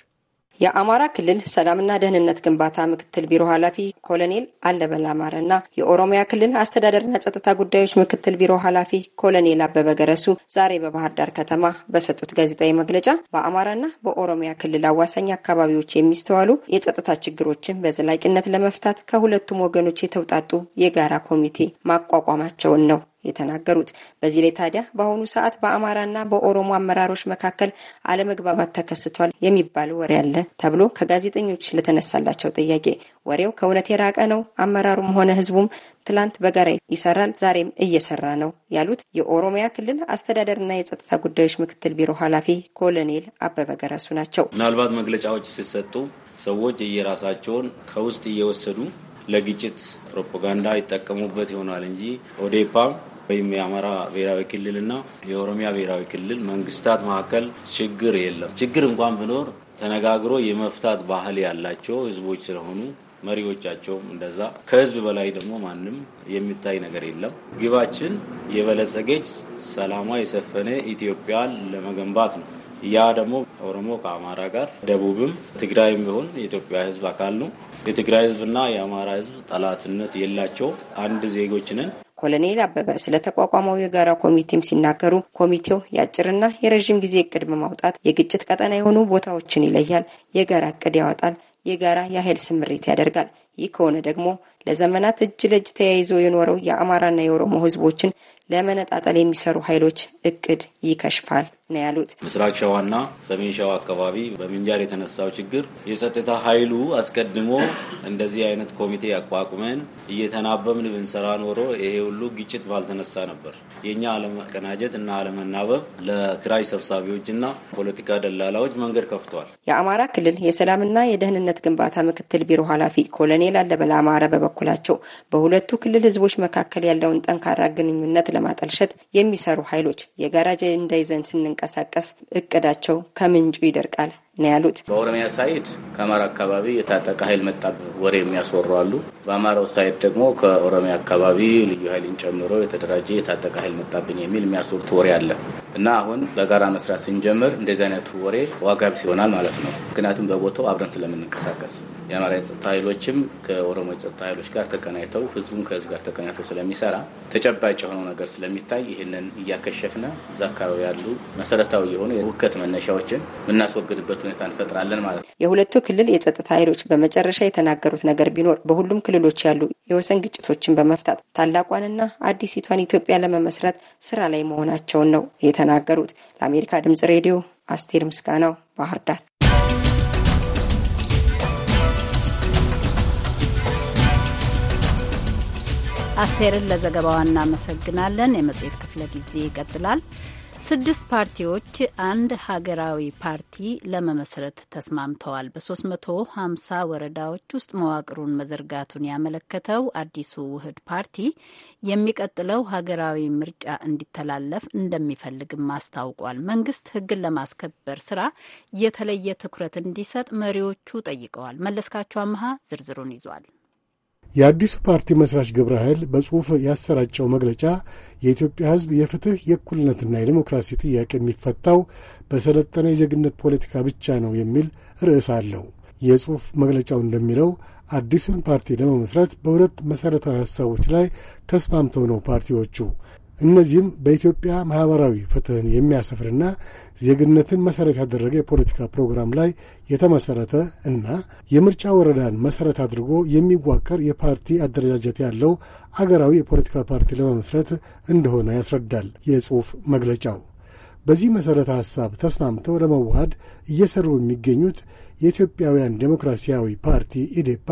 Speaker 6: የአማራ ክልል ሰላምና ደህንነት ግንባታ ምክትል ቢሮ ኃላፊ ኮሎኔል አለበል አማረ እና የኦሮሚያ ክልል አስተዳደርና ጸጥታ ጉዳዮች ምክትል ቢሮ ኃላፊ ኮሎኔል አበበ ገረሱ ዛሬ በባህር ዳር ከተማ በሰጡት ጋዜጣዊ መግለጫ በአማራና በኦሮሚያ ክልል አዋሳኝ አካባቢዎች የሚስተዋሉ የጸጥታ ችግሮችን በዘላቂነት ለመፍታት ከሁለቱም ወገኖች የተውጣጡ የጋራ ኮሚቴ ማቋቋማቸውን ነው የተናገሩት። በዚህ ላይ ታዲያ በአሁኑ ሰዓት በአማራና በኦሮሞ አመራሮች መካከል አለመግባባት ተከስቷል የሚባል ወሬ አለ ተብሎ ከጋዜጠኞች ለተነሳላቸው ጥያቄ ወሬው ከእውነት የራቀ ነው፣ አመራሩም ሆነ ህዝቡም ትላንት በጋራ ይሰራል፣ ዛሬም እየሰራ ነው ያሉት የኦሮሚያ ክልል አስተዳደርና የጸጥታ ጉዳዮች ምክትል ቢሮ ኃላፊ ኮሎኔል አበበ ገረሱ ናቸው።
Speaker 7: ምናልባት መግለጫዎች ሲሰጡ ሰዎች እየራሳቸውን ከውስጥ እየወሰዱ ለግጭት ፕሮፓጋንዳ ይጠቀሙበት ይሆናል እንጂ ኦዴፓ ወይም የአማራ ብሔራዊ ክልል እና የኦሮሚያ ብሔራዊ ክልል መንግስታት መካከል ችግር የለም። ችግር እንኳን ብኖር ተነጋግሮ የመፍታት ባህል ያላቸው ህዝቦች ስለሆኑ መሪዎቻቸውም እንደዛ ከህዝብ በላይ ደግሞ ማንም የሚታይ ነገር የለም። ግባችን የበለጸገች ሰላሟ የሰፈነ ኢትዮጵያን ለመገንባት ነው። ያ ደግሞ ኦሮሞ ከአማራ ጋር፣ ደቡብም ትግራይም ቢሆን የኢትዮጵያ ህዝብ አካል ነው። የትግራይ ህዝብና የአማራ ህዝብ ጠላትነት የላቸው
Speaker 6: አንድ ዜጎች ነን። ኮሎኔል አበበ ስለተቋቋመው የጋራ ኮሚቴም ሲናገሩ ኮሚቴው የአጭርና የረዥም ጊዜ እቅድ በማውጣት የግጭት ቀጠና የሆኑ ቦታዎችን ይለያል፣ የጋራ እቅድ ያወጣል፣ የጋራ የኃይል ስምሪት ያደርጋል። ይህ ከሆነ ደግሞ ለዘመናት እጅ ለእጅ ተያይዞ የኖረው የአማራና የኦሮሞ ህዝቦችን ለመነጣጠል የሚሰሩ ኃይሎች እቅድ ይከሽፋል
Speaker 7: ነው ያሉት። ምስራቅ ሸዋና ሰሜን ሸዋ አካባቢ በምንጃር የተነሳው ችግር የጸጥታ ኃይሉ አስቀድሞ እንደዚህ አይነት ኮሚቴ አቋቁመን እየተናበብን ብንሰራ ኖሮ ይሄ ሁሉ ግጭት ባልተነሳ ነበር። የእኛ አለመቀናጀት እና አለመናበብ ለክራይ ሰብሳቢዎችና ፖለቲካ ደላላዎች መንገድ ከፍቷል።
Speaker 6: የአማራ ክልል የሰላምና የደህንነት ግንባታ ምክትል ቢሮ ኃላፊ ኮሎኔል አለበላ አማረ በበኩላቸው በሁለቱ ክልል ህዝቦች መካከል ያለውን ጠንካራ ግንኙነት ለማጠልሸት የሚሰሩ ኃይሎች የጋራ አጀንዳ ይዘን ለመንቀሳቀስ እቅዳቸው ከምንጩ ይደርቃል
Speaker 7: ነው ያሉት። በኦሮሚያ ሳይድ ከአማራ አካባቢ የታጠቀ ኃይል መጣብ ወሬ የሚያስወሩ አሉ። በአማራው ሳይድ ደግሞ ከኦሮሚያ አካባቢ ልዩ ኃይልን ጨምሮ የተደራጀ የታጠቀ ኃይል መጣብን የሚል የሚያስወሩት ወሬ አለ እና አሁን በጋራ መስራት ስንጀምር እንደዚህ አይነቱ ወሬ ዋጋ ቢስ ይሆናል ማለት ነው። ምክንያቱም በቦታው አብረን ስለምንንቀሳቀስ የአማራ የጸጥታ ኃይሎችም ከኦሮሞ የጸጥታ ኃይሎች ጋር ተቀናይተው ህዝቡም ከህዝብ ጋር ተቀናይተው ስለሚሰራ ተጨባጭ የሆነው ነገር ስለሚታይ ይህንን እያከሸፍነ እዛ አካባቢ ያሉ መሰረታዊ የሆኑ የውከት መነሻዎችን የምናስወግድበት ሁኔታ እንፈጥራለን ማለት ነው።
Speaker 6: የሁለቱ ክልል የጸጥታ ኃይሎች በመጨረሻ የተናገሩት ነገር ቢኖር በሁሉም ክልሎች ያሉ የወሰን ግጭቶችን በመፍታት ታላቋንና አዲሲቷን ኢትዮጵያ ለመመስረት ስራ ላይ መሆናቸውን ነው የተናገሩት። ለአሜሪካ ድምጽ ሬዲዮ አስቴር ምስጋናው ባህር ዳር።
Speaker 3: አስቴርን ለዘገባዋ እናመሰግናለን። የመጽሔት ክፍለ ጊዜ ይቀጥላል። ስድስት ፓርቲዎች አንድ ሀገራዊ ፓርቲ ለመመስረት ተስማምተዋል። በ350 ወረዳዎች ውስጥ መዋቅሩን መዘርጋቱን ያመለከተው አዲሱ ውህድ ፓርቲ የሚቀጥለው ሀገራዊ ምርጫ እንዲተላለፍ እንደሚፈልግም አስታውቋል። መንግስት ህግን ለማስከበር ስራ የተለየ ትኩረት እንዲሰጥ መሪዎቹ ጠይቀዋል። መለስካቸው አመሀ ዝርዝሩን ይዟል።
Speaker 8: የአዲሱ ፓርቲ መስራች ግብረ ኃይል በጽሑፍ ያሰራጨው መግለጫ የኢትዮጵያ ሕዝብ የፍትሕ የእኩልነትና የዲሞክራሲ ጥያቄ የሚፈታው በሰለጠነ የዜግነት ፖለቲካ ብቻ ነው የሚል ርዕስ አለው። የጽሑፍ መግለጫው እንደሚለው አዲሱን ፓርቲ ለመመስረት በሁለት መሠረታዊ ሐሳቦች ላይ ተስማምተው ነው ፓርቲዎቹ እነዚህም በኢትዮጵያ ማኅበራዊ ፍትሕን የሚያሰፍርና ዜግነትን መሠረት ያደረገ የፖለቲካ ፕሮግራም ላይ የተመሠረተ እና የምርጫ ወረዳን መሠረት አድርጎ የሚዋቀር የፓርቲ አደረጃጀት ያለው አገራዊ የፖለቲካ ፓርቲ ለመመስረት እንደሆነ ያስረዳል የጽሑፍ መግለጫው። በዚህ መሠረተ ሐሳብ ተስማምተው ለመዋሃድ እየሠሩ የሚገኙት የኢትዮጵያውያን ዴሞክራሲያዊ ፓርቲ ኢዴፓ፣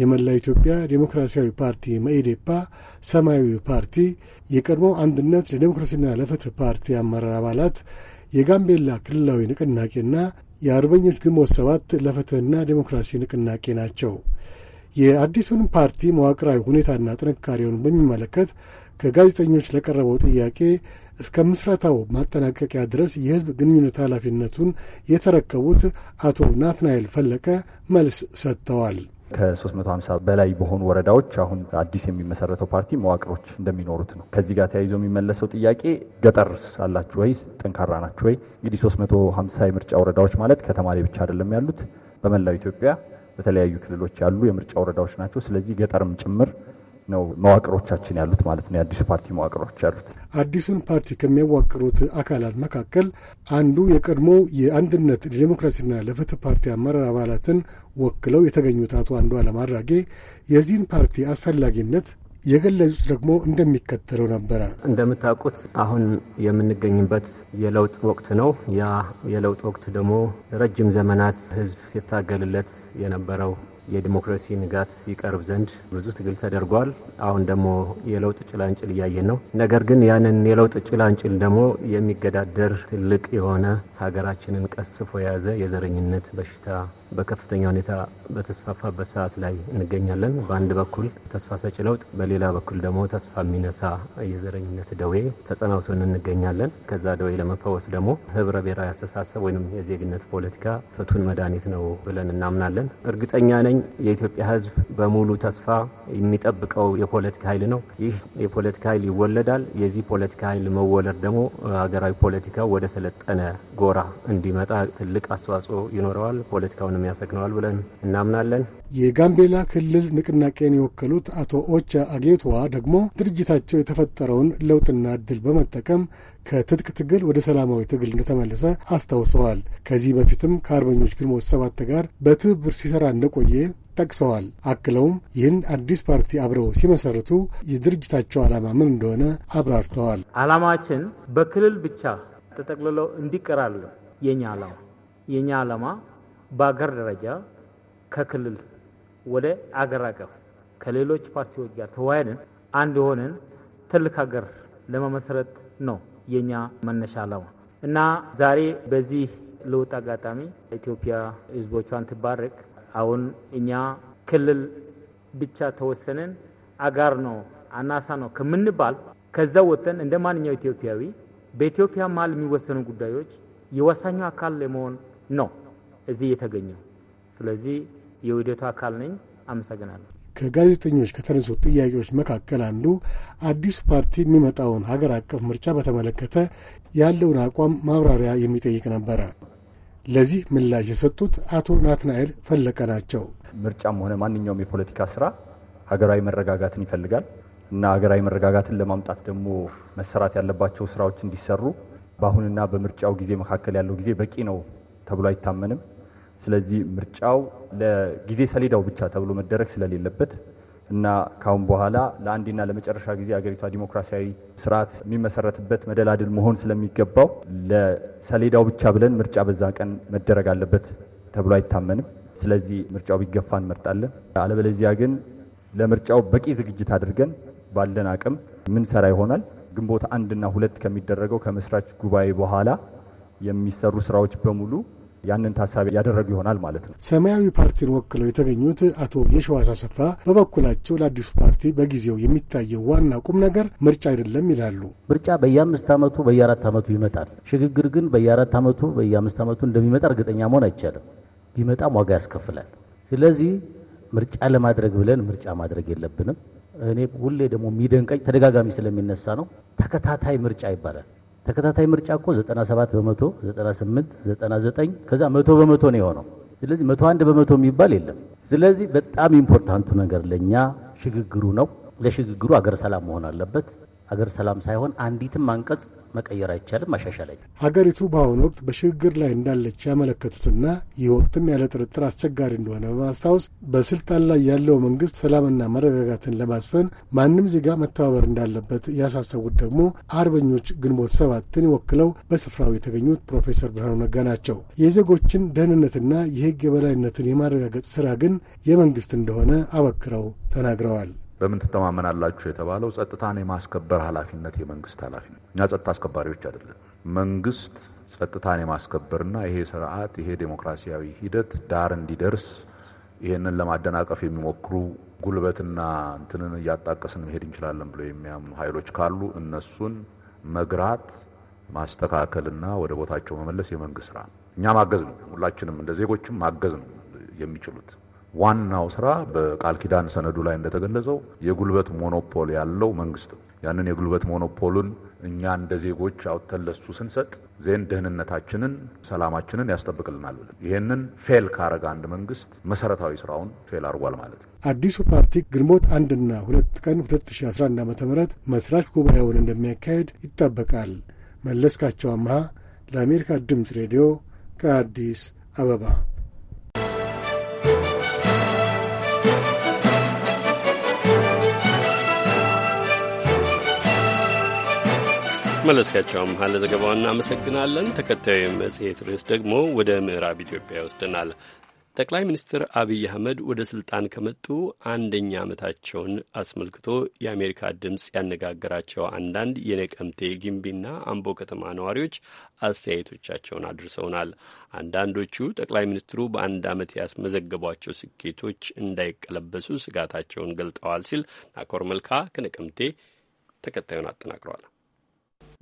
Speaker 8: የመላ ኢትዮጵያ ዴሞክራሲያዊ ፓርቲ መኢዴፓ፣ ሰማያዊ ፓርቲ፣ የቀድሞ አንድነት ለዴሞክራሲና ለፍትህ ፓርቲ አመራር አባላት፣ የጋምቤላ ክልላዊ ንቅናቄና የአርበኞች ግንቦት ሰባት ለፍትህና ዴሞክራሲ ንቅናቄ ናቸው። የአዲሱን ፓርቲ መዋቅራዊ ሁኔታና ጥንካሬውን በሚመለከት ከጋዜጠኞች ለቀረበው ጥያቄ እስከ ምስረታው ማጠናቀቂያ ድረስ የሕዝብ ግንኙነት ኃላፊነቱን የተረከቡት አቶ ናትናኤል ፈለቀ መልስ ሰጥተዋል።
Speaker 9: ከ350 በላይ በሆኑ ወረዳዎች አሁን አዲስ የሚመሰረተው ፓርቲ መዋቅሮች እንደሚኖሩት ነው። ከዚህ ጋር ተያይዞ የሚመለሰው ጥያቄ ገጠር አላችሁ ወይ? ጠንካራ ናችሁ ወይ? እንግዲህ 350 የምርጫ ወረዳዎች ማለት ከተማ ላይ ብቻ አይደለም ያሉት፣ በመላው ኢትዮጵያ በተለያዩ ክልሎች ያሉ የምርጫ ወረዳዎች ናቸው። ስለዚህ ገጠርም ጭምር ነው መዋቅሮቻችን ያሉት ማለት ነው። የአዲሱ ፓርቲ መዋቅሮች ያሉት
Speaker 8: አዲሱን ፓርቲ ከሚያዋቅሩት አካላት መካከል አንዱ የቀድሞ የአንድነት ለዲሞክራሲና ለፍትህ ፓርቲ አመራር አባላትን ወክለው የተገኙት አቶ አንዱዓለም አራጌ የዚህን ፓርቲ አስፈላጊነት የገለጹት ደግሞ እንደሚከተለው ነበረ።
Speaker 10: እንደምታውቁት አሁን የምንገኝበት የለውጥ ወቅት ነው። ያ የለውጥ ወቅት ደግሞ ረጅም ዘመናት ህዝብ ሲታገልለት የነበረው የዲሞክራሲ ንጋት ይቀርብ ዘንድ ብዙ ትግል ተደርጓል። አሁን ደግሞ የለውጥ ጭላንጭል እያየን ነው። ነገር ግን ያንን የለውጥ ጭላንጭል ደግሞ የሚገዳደር ትልቅ የሆነ ሀገራችንን ቀስፎ የያዘ የዘረኝነት በሽታ በከፍተኛ ሁኔታ በተስፋፋበት ሰዓት ላይ እንገኛለን። በአንድ በኩል ተስፋ ሰጭ ለውጥ፣ በሌላ በኩል ደግሞ ተስፋ የሚነሳ የዘረኝነት ደዌ ተጸናውቶን እንገኛለን። ከዛ ደዌ ለመፈወስ ደግሞ ህብረ ብሔራዊ አስተሳሰብ ወይም የዜግነት ፖለቲካ ፍቱን መድኃኒት ነው ብለን እናምናለን። እርግጠኛ ነኝ የኢትዮጵያ ህዝብ በሙሉ ተስፋ የሚጠብቀው የፖለቲካ ኃይል ነው። ይህ የፖለቲካ ኃይል ይወለዳል። የዚህ ፖለቲካ ኃይል መወለድ ደግሞ ሀገራዊ ፖለቲካው ወደ ሰለጠነ ጎራ እንዲመጣ ትልቅ አስተዋጽኦ ይኖረዋል። ፖለቲካውን ኑሯችንንም ያሰግነዋል ብለን እናምናለን።
Speaker 8: የጋምቤላ ክልል ንቅናቄን የወከሉት አቶ ኦቻ አጌቷ ደግሞ ድርጅታቸው የተፈጠረውን ለውጥና እድል በመጠቀም ከትጥቅ ትግል ወደ ሰላማዊ ትግል እንደተመለሰ አስታውሰዋል። ከዚህ በፊትም ከአርበኞች ግንቦት ሰባት ጋር በትብብር ሲሰራ እንደቆየ ጠቅሰዋል። አክለውም ይህን አዲስ ፓርቲ አብረው ሲመሰርቱ የድርጅታቸው ዓላማ ምን እንደሆነ አብራርተዋል።
Speaker 10: ዓላማችን በክልል ብቻ ተጠቅልለው እንዲቀራሉ የኛ ዓላማ የኛ ዓላማ በአገር ደረጃ ከክልል ወደ አገር አቀፍ ከሌሎች ፓርቲዎች ጋር ተዋህደን አንድ የሆንን ትልቅ ሀገር ለመመስረት ነው የኛ መነሻ ዓላማ እና ዛሬ በዚህ ለውጥ አጋጣሚ ኢትዮጵያ ህዝቦቿን ትባረክ። አሁን እኛ ክልል ብቻ ተወሰንን አጋር ነው አናሳ ነው ከምንባል ከዛ ወጥተን እንደ ማንኛው ኢትዮጵያዊ በኢትዮጵያ መሀል የሚወሰኑ
Speaker 8: ጉዳዮች የወሳኙ አካል ለመሆን
Speaker 10: ነው። እዚህ የተገኘው። ስለዚህ የውህደቱ አካል ነኝ። አመሰግናለሁ።
Speaker 8: ከጋዜጠኞች ከተነሱ ጥያቄዎች መካከል አንዱ አዲሱ ፓርቲ የሚመጣውን ሀገር አቀፍ ምርጫ በተመለከተ ያለውን አቋም ማብራሪያ የሚጠይቅ ነበረ። ለዚህ ምላሽ የሰጡት አቶ ናትናኤል ፈለቀ ናቸው። ምርጫም ሆነ ማንኛውም የፖለቲካ ስራ ሀገራዊ መረጋጋትን ይፈልጋል
Speaker 9: እና ሀገራዊ መረጋጋትን ለማምጣት ደግሞ መሰራት ያለባቸው ስራዎች እንዲሰሩ በአሁንና በምርጫው ጊዜ መካከል ያለው ጊዜ በቂ ነው ተብሎ አይታመንም። ስለዚህ ምርጫው ለጊዜ ሰሌዳው ብቻ ተብሎ መደረግ ስለሌለበት እና ካሁን በኋላ ለአንዴና ለመጨረሻ ጊዜ አገሪቷ ዲሞክራሲያዊ ስርዓት የሚመሰረትበት መደላድል መሆን ስለሚገባው ለሰሌዳው ብቻ ብለን ምርጫ በዛ ቀን መደረግ አለበት ተብሎ አይታመንም። ስለዚህ ምርጫው ቢገፋ እንመርጣለን። አለበለዚያ ግን ለምርጫው በቂ ዝግጅት አድርገን ባለን አቅም ምን ሰራ ይሆናል። ግንቦት አንድና ሁለት ከሚደረገው ከመስራች ጉባኤ በኋላ የሚሰሩ ስራዎች በሙሉ ያንን ታሳቢ ያደረጉ ይሆናል ማለት ነው።
Speaker 8: ሰማያዊ ፓርቲን ወክለው የተገኙት አቶ የሸዋስ አሰፋ በበኩላቸው ለአዲሱ ፓርቲ በጊዜው የሚታየው ዋና ቁም ነገር ምርጫ አይደለም ይላሉ። ምርጫ በየአምስት ዓመቱ በየአራት ዓመቱ ይመጣል።
Speaker 7: ሽግግር ግን በየአራት ዓመቱ በየአምስት ዓመቱ እንደሚመጣ እርግጠኛ መሆን አይቻልም። ቢመጣም ዋጋ ያስከፍላል። ስለዚህ ምርጫ ለማድረግ ብለን ምርጫ ማድረግ የለብንም። እኔ ሁሌ ደግሞ የሚደንቀኝ ተደጋጋሚ ስለሚነሳ ነው። ተከታታይ ምርጫ ይባላል። ተከታታይ ምርጫ እኮ 97 በመቶ 98 99 ከዛ መቶ በመቶ ነው የሆነው። ስለዚህ መቶ አንድ በመቶ የሚባል የለም። ስለዚህ በጣም ኢምፖርታንቱ ነገር ለእኛ ሽግግሩ ነው። ለሽግግሩ አገር ሰላም መሆን አለበት። አገር ሰላም ሳይሆን አንዲትም አንቀጽ መቀየር አይቻልም፣ ማሻሻል አይቻልም።
Speaker 8: ሀገሪቱ በአሁኑ ወቅት በሽግግር ላይ እንዳለች ያመለከቱትና ይህ ወቅትም ያለ ጥርጥር አስቸጋሪ እንደሆነ በማስታወስ በስልጣን ላይ ያለው መንግስት ሰላምና መረጋጋትን ለማስፈን ማንም ዜጋ መተባበር እንዳለበት ያሳሰቡት ደግሞ አርበኞች ግንቦት ሰባትን ወክለው በስፍራው የተገኙት ፕሮፌሰር ብርሃኑ ነጋ ናቸው። የዜጎችን ደህንነትና የህግ የበላይነትን የማረጋገጥ ስራ ግን የመንግስት እንደሆነ አበክረው ተናግረዋል።
Speaker 2: በምን ትተማመናላችሁ የተባለው ጸጥታን የማስከበር ኃላፊነት የመንግስት ኃላፊነት። እኛ ጸጥታ አስከባሪዎች አይደለም። መንግስት ጸጥታን የማስከበርና ይሄ ስርዓት ይሄ ዴሞክራሲያዊ ሂደት ዳር እንዲደርስ ይህንን ለማደናቀፍ የሚሞክሩ ጉልበትና እንትንን እያጣቀስን መሄድ እንችላለን ብለው የሚያምኑ ኃይሎች ካሉ እነሱን መግራት ማስተካከልና ወደ ቦታቸው መመለስ የመንግስት ስራ። እኛ ማገዝ ነው። ሁላችንም እንደ ዜጎችም ማገዝ ነው የሚችሉት ዋናው ስራ በቃል ኪዳን ሰነዱ ላይ እንደተገለጸው የጉልበት ሞኖፖል ያለው መንግስት ነው። ያንን የጉልበት ሞኖፖሉን እኛ እንደ ዜጎች አውጥተን ለሱ ስንሰጥ ዜን ደህንነታችንን፣ ሰላማችንን ያስጠብቅልናል። ይህንን ፌል ካረገ አንድ መንግስት መሰረታዊ ስራውን ፌል አድርጓል ማለት ነው።
Speaker 8: አዲሱ ፓርቲ ግንቦት አንድና ሁለት ቀን 2011 ዓ ም መስራች ጉባኤውን እንደሚያካሄድ ይጠበቃል። መለስካቸው አምሃ ለአሜሪካ ድምፅ ሬዲዮ ከአዲስ አበባ
Speaker 1: መለስካቸው አምሃ ለዘገባው እናመሰግናለን። ተከታዩ የመጽሔት ርዕስ ደግሞ ወደ ምዕራብ ኢትዮጵያ ይወስደናል። ጠቅላይ ሚኒስትር አብይ አህመድ ወደ ስልጣን ከመጡ አንደኛ ዓመታቸውን አስመልክቶ የአሜሪካ ድምፅ ያነጋገራቸው አንዳንድ የነቀምቴ ግንቢና አምቦ ከተማ ነዋሪዎች አስተያየቶቻቸውን አድርሰውናል። አንዳንዶቹ ጠቅላይ ሚኒስትሩ በአንድ ዓመት ያስመዘገቧቸው ስኬቶች እንዳይቀለበሱ ስጋታቸውን ገልጠዋል ሲል ናኮር መልካ ከነቀምቴ ተከታዩን አጠናቅሯል።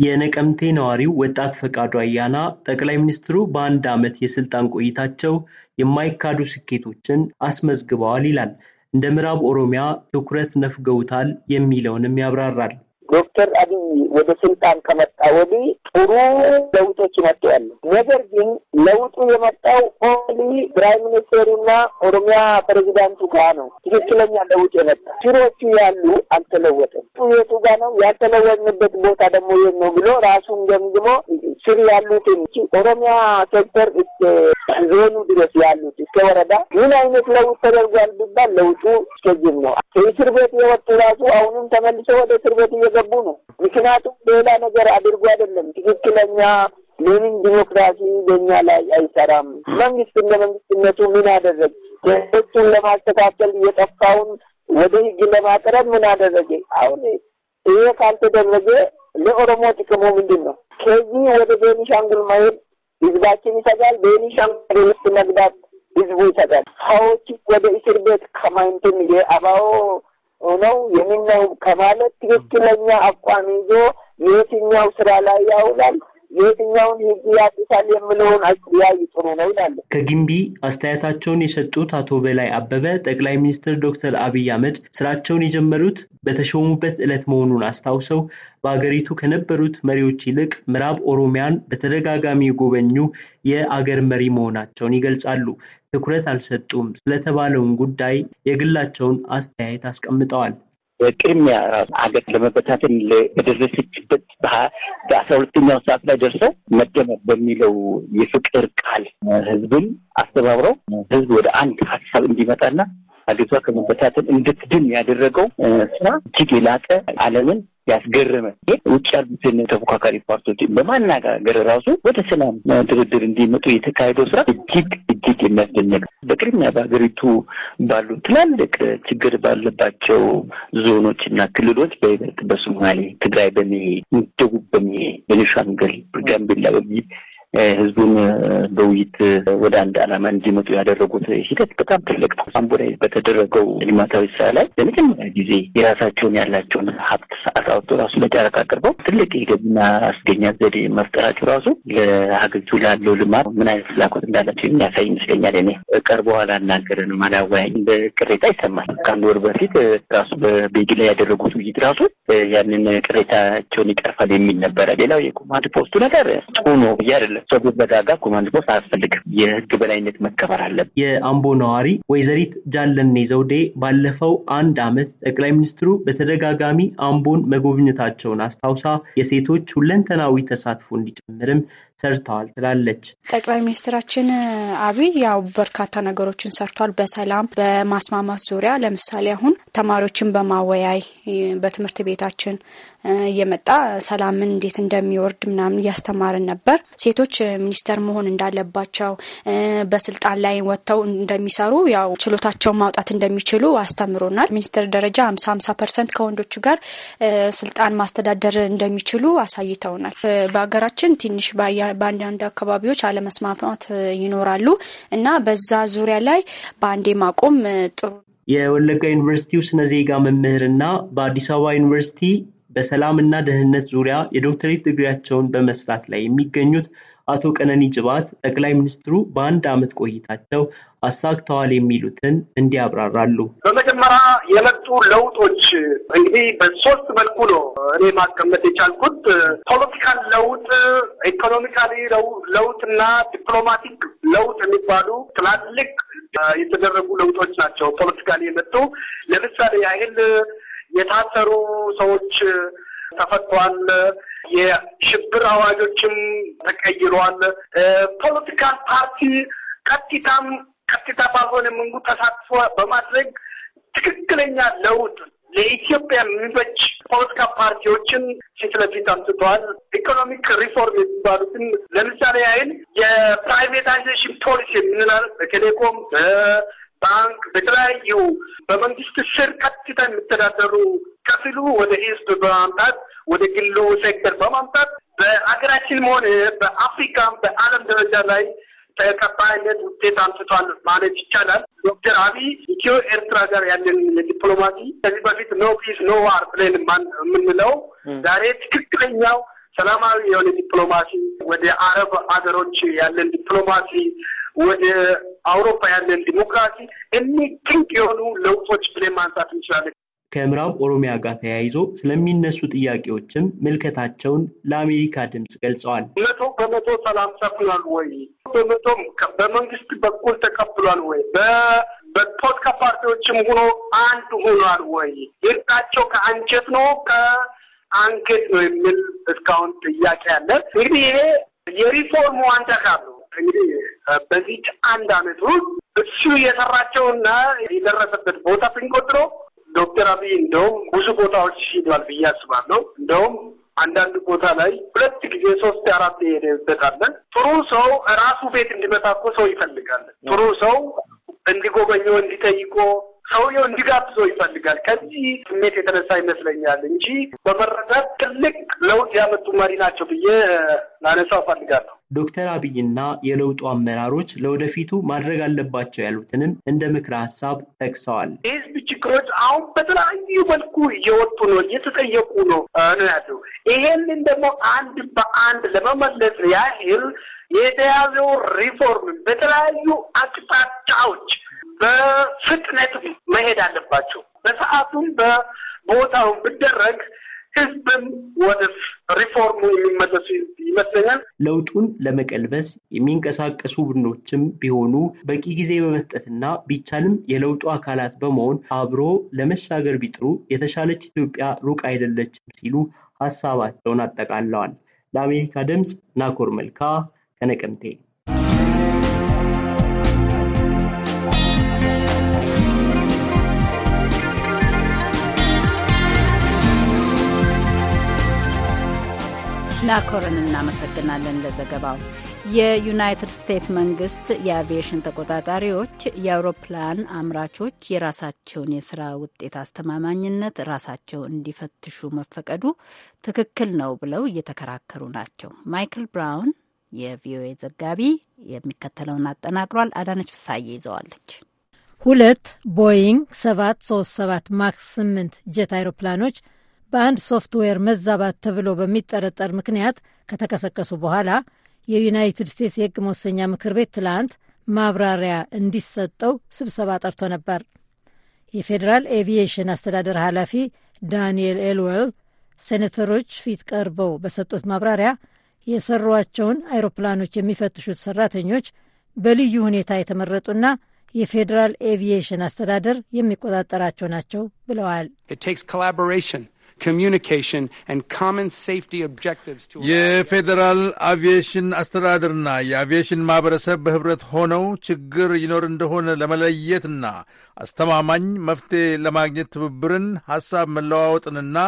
Speaker 11: የነቀምቴ ነዋሪው ወጣት ፈቃዱ አያና ጠቅላይ ሚኒስትሩ በአንድ ዓመት የስልጣን ቆይታቸው የማይካዱ ስኬቶችን አስመዝግበዋል ይላል። እንደ ምዕራብ ኦሮሚያ ትኩረት ነፍገውታል የሚለውንም ያብራራል።
Speaker 12: ዶክተር አብይ ወደ ስልጣን ከመጣ ወዲህ ጥሩ ለውጦች ይመጡ ያለ። ነገር ግን ለውጡ የመጣው ኦንሊ ፕራይም ሚኒስቴሩና ኦሮሚያ ፕሬዚዳንቱ ጋ ነው። ትክክለኛ ለውጥ የመጣ ሽሮቹ ያሉ አልተለወጠም። የቱ ጋ ነው ያልተለወጥንበት ቦታ ደግሞ የት ነው ብሎ ራሱን ገምግሞ ስር ያሉትን ኦሮሚያ ሴክተር ዞኑ ድረስ ያሉት እስከ ወረዳ ምን አይነት ለውጥ ተደርጓል ቢባል ለውጡ እስከዚህም ነው። ከእስር ቤት የወጡ ራሱ አሁንም ተመልሶ ወደ እስር ቤት እየ ስለገቡ ነው። ምክንያቱም ሌላ ነገር አድርጎ አይደለም። ትክክለኛ ሌኒን ዲሞክራሲ በእኛ ላይ አይሰራም። መንግስት እንደ መንግስትነቱ ምን አደረግ ዜጎቹን ለማስተካከል የጠፋውን ወደ ህግ ለማቅረብ ምን አደረገ? አሁን ይሄ ካልተደረገ ለኦሮሞ ጥቅሙ ምንድን ነው? ከዚህ ወደ ቤኒሻንጉል መሄድ ህዝባችን ይሰጋል። ቤኒሻንጉል ውስጥ መግዳት ህዝቡ ይሰጋል። ሰዎች ወደ እስር ቤት ከማንትን የአባኦ ሆነው የሚነው ከማለት ትክክለኛ አቋም ይዞ የትኛው ስራ ላይ ያውላል የትኛውን ህግ ያድሳል የምለውን አያይ ጥሩ ነው ይላሉ።
Speaker 11: ከግንቢ አስተያየታቸውን የሰጡት አቶ በላይ አበበ ጠቅላይ ሚኒስትር ዶክተር አብይ አህመድ ስራቸውን የጀመሩት በተሾሙበት ዕለት መሆኑን አስታውሰው በአገሪቱ ከነበሩት መሪዎች ይልቅ ምዕራብ ኦሮሚያን በተደጋጋሚ የጎበኙ የአገር መሪ መሆናቸውን ይገልጻሉ። ትኩረት አልሰጡም ስለተባለውን ጉዳይ የግላቸውን አስተያየት አስቀምጠዋል።
Speaker 13: በቅድሚያ አገር ለመበታተን በደረሰችበት በአስራ ሁለተኛው ሰዓት ላይ ደርሰው መደመር በሚለው የፍቅር ቃል ህዝብን አስተባብረው ህዝብ ወደ አንድ ሀሳብ እንዲመጣና አገቷ ከመበታተን እንድትድን ያደረገው ስራ እጅግ የላቀ ዓለምን ያስገረመ ውጭ ያሉትን ተፎካካሪ ፓርቲዎች በማናገር ራሱ ወደ ሰላም ድርድር እንዲመጡ የተካሄደው ስራ እጅግ እጅግ የሚያስደንቅ በቅድሚያ በሀገሪቱ ባሉ ትላልቅ ችግር ባለባቸው ዞኖች እና ክልሎች በይበልጥ በሶማሌ፣ ትግራይ በሚሄድ ደቡብ በሚሄድ ቤኒሻንጉል፣ ጋምቤላ በሚሄድ ህዝቡን በውይይት ወደ አንድ ዓላማ እንዲመጡ ያደረጉት ሂደት በጣም ትልቅ ነው። አምቦ ላይ በተደረገው ልማታዊ ስራ ላይ ለመጀመሪያ ጊዜ የራሳቸውን ያላቸውን ሀብት ሰዓት አውጥቶ ራሱ ለጨረታ አቅርበው ትልቅ የገቢና አስገኛ ዘዴ መፍጠራቸው ራሱ ለሀገሪቱ ላለው ልማት ምን አይነት ፍላጎት እንዳላቸው የሚያሳይ ይመስለኛል። እኔ ቀርበው አላናገረንም፣ አላወያኝ በቅሬታ ይሰማል። ከአንድ ወር በፊት ራሱ በቤጊ ላይ ያደረጉት ውይይት ራሱ ያንን ቅሬታቸውን ይቀርፋል የሚል ነበረ። ሌላው የኮማንድ ፖስቱ ነገር ጥሩ ነው ብዬ አይደለም በዳጋ ኮማንድ ፖስት አያስፈልግም። የህግ በላይነት መከበር አለብ።
Speaker 11: የአምቦ ነዋሪ ወይዘሪት ጃለኔ ዘውዴ ባለፈው አንድ አመት ጠቅላይ ሚኒስትሩ በተደጋጋሚ አምቦን መጎብኘታቸውን አስታውሳ የሴቶች ሁለንተናዊ ተሳትፎ እንዲጨምርም ሰርተዋል ትላለች።
Speaker 3: ጠቅላይ ሚኒስትራችን አብይ ያው በርካታ ነገሮችን ሰርቷል። በሰላም በማስማማት ዙሪያ ለምሳሌ አሁን ተማሪዎችን በማወያይ በትምህርት ቤታችን እየመጣ ሰላምን እንዴት እንደሚወርድ ምናምን እያስተማርን ነበር። ሴቶች ሚኒስተር መሆን እንዳለባቸው በስልጣን ላይ ወጥተው እንደሚሰሩ ያው ችሎታቸውን ማውጣት እንደሚችሉ አስተምሮናል። ሚኒስተር ደረጃ ሀምሳ ሀምሳ ፐርሰንት ከወንዶቹ ጋር ስልጣን ማስተዳደር እንደሚችሉ አሳይተውናል። በሀገራችን ትንሽ ባያ በአንዳንድ አካባቢዎች አለመስማማት ይኖራሉ እና በዛ ዙሪያ ላይ በአንዴ ማቆም ጥሩ።
Speaker 11: የወለጋ ዩኒቨርሲቲው ስነ ዜጋ መምህርና በአዲስ አበባ ዩኒቨርሲቲ በሰላም እና ደህንነት ዙሪያ የዶክተሬት ድግሪያቸውን በመስራት ላይ የሚገኙት አቶ ቀነኒ ጭባት ጠቅላይ ሚኒስትሩ በአንድ ዓመት ቆይታቸው አሳግተዋል የሚሉትን እንዲያብራራሉ።
Speaker 14: በመጀመሪያ የመጡ ለውጦች እንግዲህ በሶስት መልኩ ነው እኔ ማስቀመጥ የቻልኩት ፖለቲካል ለውጥ፣ ኢኮኖሚካሊ ለውጥና ዲፕሎማቲክ ለውጥ የሚባሉ ትላልቅ የተደረጉ ለውጦች ናቸው። ፖለቲካሊ የመጡ ለምሳሌ ያህል የታሰሩ ሰዎች ተፈቷል። የሽብር አዋጆችም ተቀይሯል። ፖለቲካል ፓርቲ ቀጥታም ቀጥታ ባልሆነ መንገድ ተሳትፎ በማድረግ ትክክለኛ ለውጥ ለኢትዮጵያ የሚበጅ ፖለቲካ ፓርቲዎችን ፊት ለፊት አንስተዋል። ኢኮኖሚክ ሪፎርም የሚባሉትን ለምሳሌ ያህል የፕራይቬታይዜሽን ፖሊሲ የምንላል በቴሌኮም፣ በባንክ፣ በተለያዩ በመንግስት ስር ቀጥታ የሚተዳደሩ ከፊሉ ወደ ህዝብ በማምጣት ወደ ግሉ ሴክተር በማምጣት በሀገራችንም ሆነ በአፍሪካም በዓለም ደረጃ ላይ ተቀባይነት ውጤት አምጥቷል ማለት ይቻላል። ዶክተር አብይ ኢትዮ ኤርትራ ጋር ያለን ዲፕሎማሲ ከዚህ በፊት ኖ ፒስ ኖ ዋር ብለን የምንለው ዛሬ ትክክለኛው ሰላማዊ የሆነ ዲፕሎማሲ ወደ አረብ ሀገሮች ያለን ዲፕሎማሲ ወደ አውሮፓ ያለን ዲሞክራሲ እኒ ድንቅ የሆኑ ለውጦች ብለን ማንሳት እንችላለን።
Speaker 11: ከምዕራብ ኦሮሚያ ጋር ተያይዞ ስለሚነሱ ጥያቄዎችም ምልከታቸውን ለአሜሪካ ድምፅ ገልጸዋል።
Speaker 14: መቶ በመቶ ሰላም ሰፍኗል ወይ? በመቶም በመንግስት በኩል ተቀብሏል ወይ? በፖለቲካ ፓርቲዎችም ሆኖ አንድ ሆኗል ወይ? ይርቃቸው ከአንጀት ነው ከአንገት ነው የሚል እስካሁን ጥያቄ አለ። እንግዲህ ይሄ የሪፎርሙ አንድ አካል ነው። እንግዲህ በዚች አንድ አመት ውስጥ እሱ የሰራቸውና የደረሰበት ቦታ ፍንቆጥሮ ዶክተር አብይ እንደውም ብዙ ቦታዎች ሂዷል ብዬ አስባለሁ። እንደውም አንዳንድ ቦታ ላይ ሁለት ጊዜ ሶስት አራት የሄደበታለን። ጥሩ ሰው ራሱ ቤት እንዲመጣ እኮ ሰው ይፈልጋል። ጥሩ ሰው እንዲጎበኘ እንዲጠይቆ ሰውየው እንዲጋብዞ ይፈልጋል። ከዚህ ስሜት የተነሳ ይመስለኛል እንጂ በመረዳት ትልቅ ለውጥ ያመጡ መሪ ናቸው ብዬ ላነሳው እፈልጋለሁ።
Speaker 11: ዶክተር አብይና የለውጡ አመራሮች ለወደፊቱ ማድረግ አለባቸው ያሉትንም እንደ ምክረ ሀሳብ ጠቅሰዋል።
Speaker 14: የህዝብ ችግሮች አሁን በተለያዩ መልኩ እየወጡ ነው፣ እየተጠየቁ ነው ነው ያለው። ይሄንን ደግሞ አንድ በአንድ ለመመለስ ያህል የተያዘው ሪፎርም በተለያዩ አቅጣጫዎች በፍጥነት መሄድ አለባቸው። በሰዓቱም በቦታው ብደረግ ህዝብን ወደ ሪፎርሙ የሚመለሱ ይመስለኛል።
Speaker 11: ለውጡን ለመቀልበስ የሚንቀሳቀሱ ቡድኖችም ቢሆኑ በቂ ጊዜ በመስጠትና ቢቻልም የለውጡ አካላት በመሆን አብሮ ለመሻገር ቢጥሩ የተሻለች ኢትዮጵያ ሩቅ አይደለችም ሲሉ ሀሳባቸውን አጠቃለዋል። ለአሜሪካ ድምፅ ናኮር መልካ ከነቀምቴ
Speaker 3: ናኮርን እናመሰግናለን ለዘገባው። የዩናይትድ ስቴትስ መንግስት የአቪዬሽን ተቆጣጣሪዎች የአውሮፕላን አምራቾች የራሳቸውን የስራ ውጤት አስተማማኝነት ራሳቸው እንዲፈትሹ መፈቀዱ ትክክል ነው ብለው እየተከራከሩ ናቸው። ማይክል ብራውን የቪኦኤ ዘጋቢ የሚከተለውን አጠናቅሯል። አዳነች ፍሳዬ ይዘዋለች።
Speaker 15: ሁለት ቦይንግ 737 ማክስ 8 ጀት አይሮፕላኖች በአንድ ሶፍትዌር መዛባት ተብሎ በሚጠረጠር ምክንያት ከተቀሰቀሱ በኋላ የዩናይትድ ስቴትስ የሕግ መወሰኛ ምክር ቤት ትላንት ማብራሪያ እንዲሰጠው ስብሰባ ጠርቶ ነበር። የፌዴራል ኤቪዬሽን አስተዳደር ኃላፊ ዳንኤል ኤልወል ሴኔተሮች ፊት ቀርበው በሰጡት ማብራሪያ የሰሯቸውን አይሮፕላኖች የሚፈትሹት ሰራተኞች በልዩ ሁኔታ የተመረጡና የፌዴራል ኤቪዬሽን አስተዳደር የሚቆጣጠራቸው ናቸው ብለዋል።
Speaker 16: የፌዴራል አቪዬሽን አስተዳደርና የአቪሽን ማህበረሰብ በህብረት ሆነው ችግር ይኖር እንደሆነ ለመለየትና አስተማማኝ መፍትሔ ለማግኘት ትብብርን፣ ሐሳብ መለዋወጥንና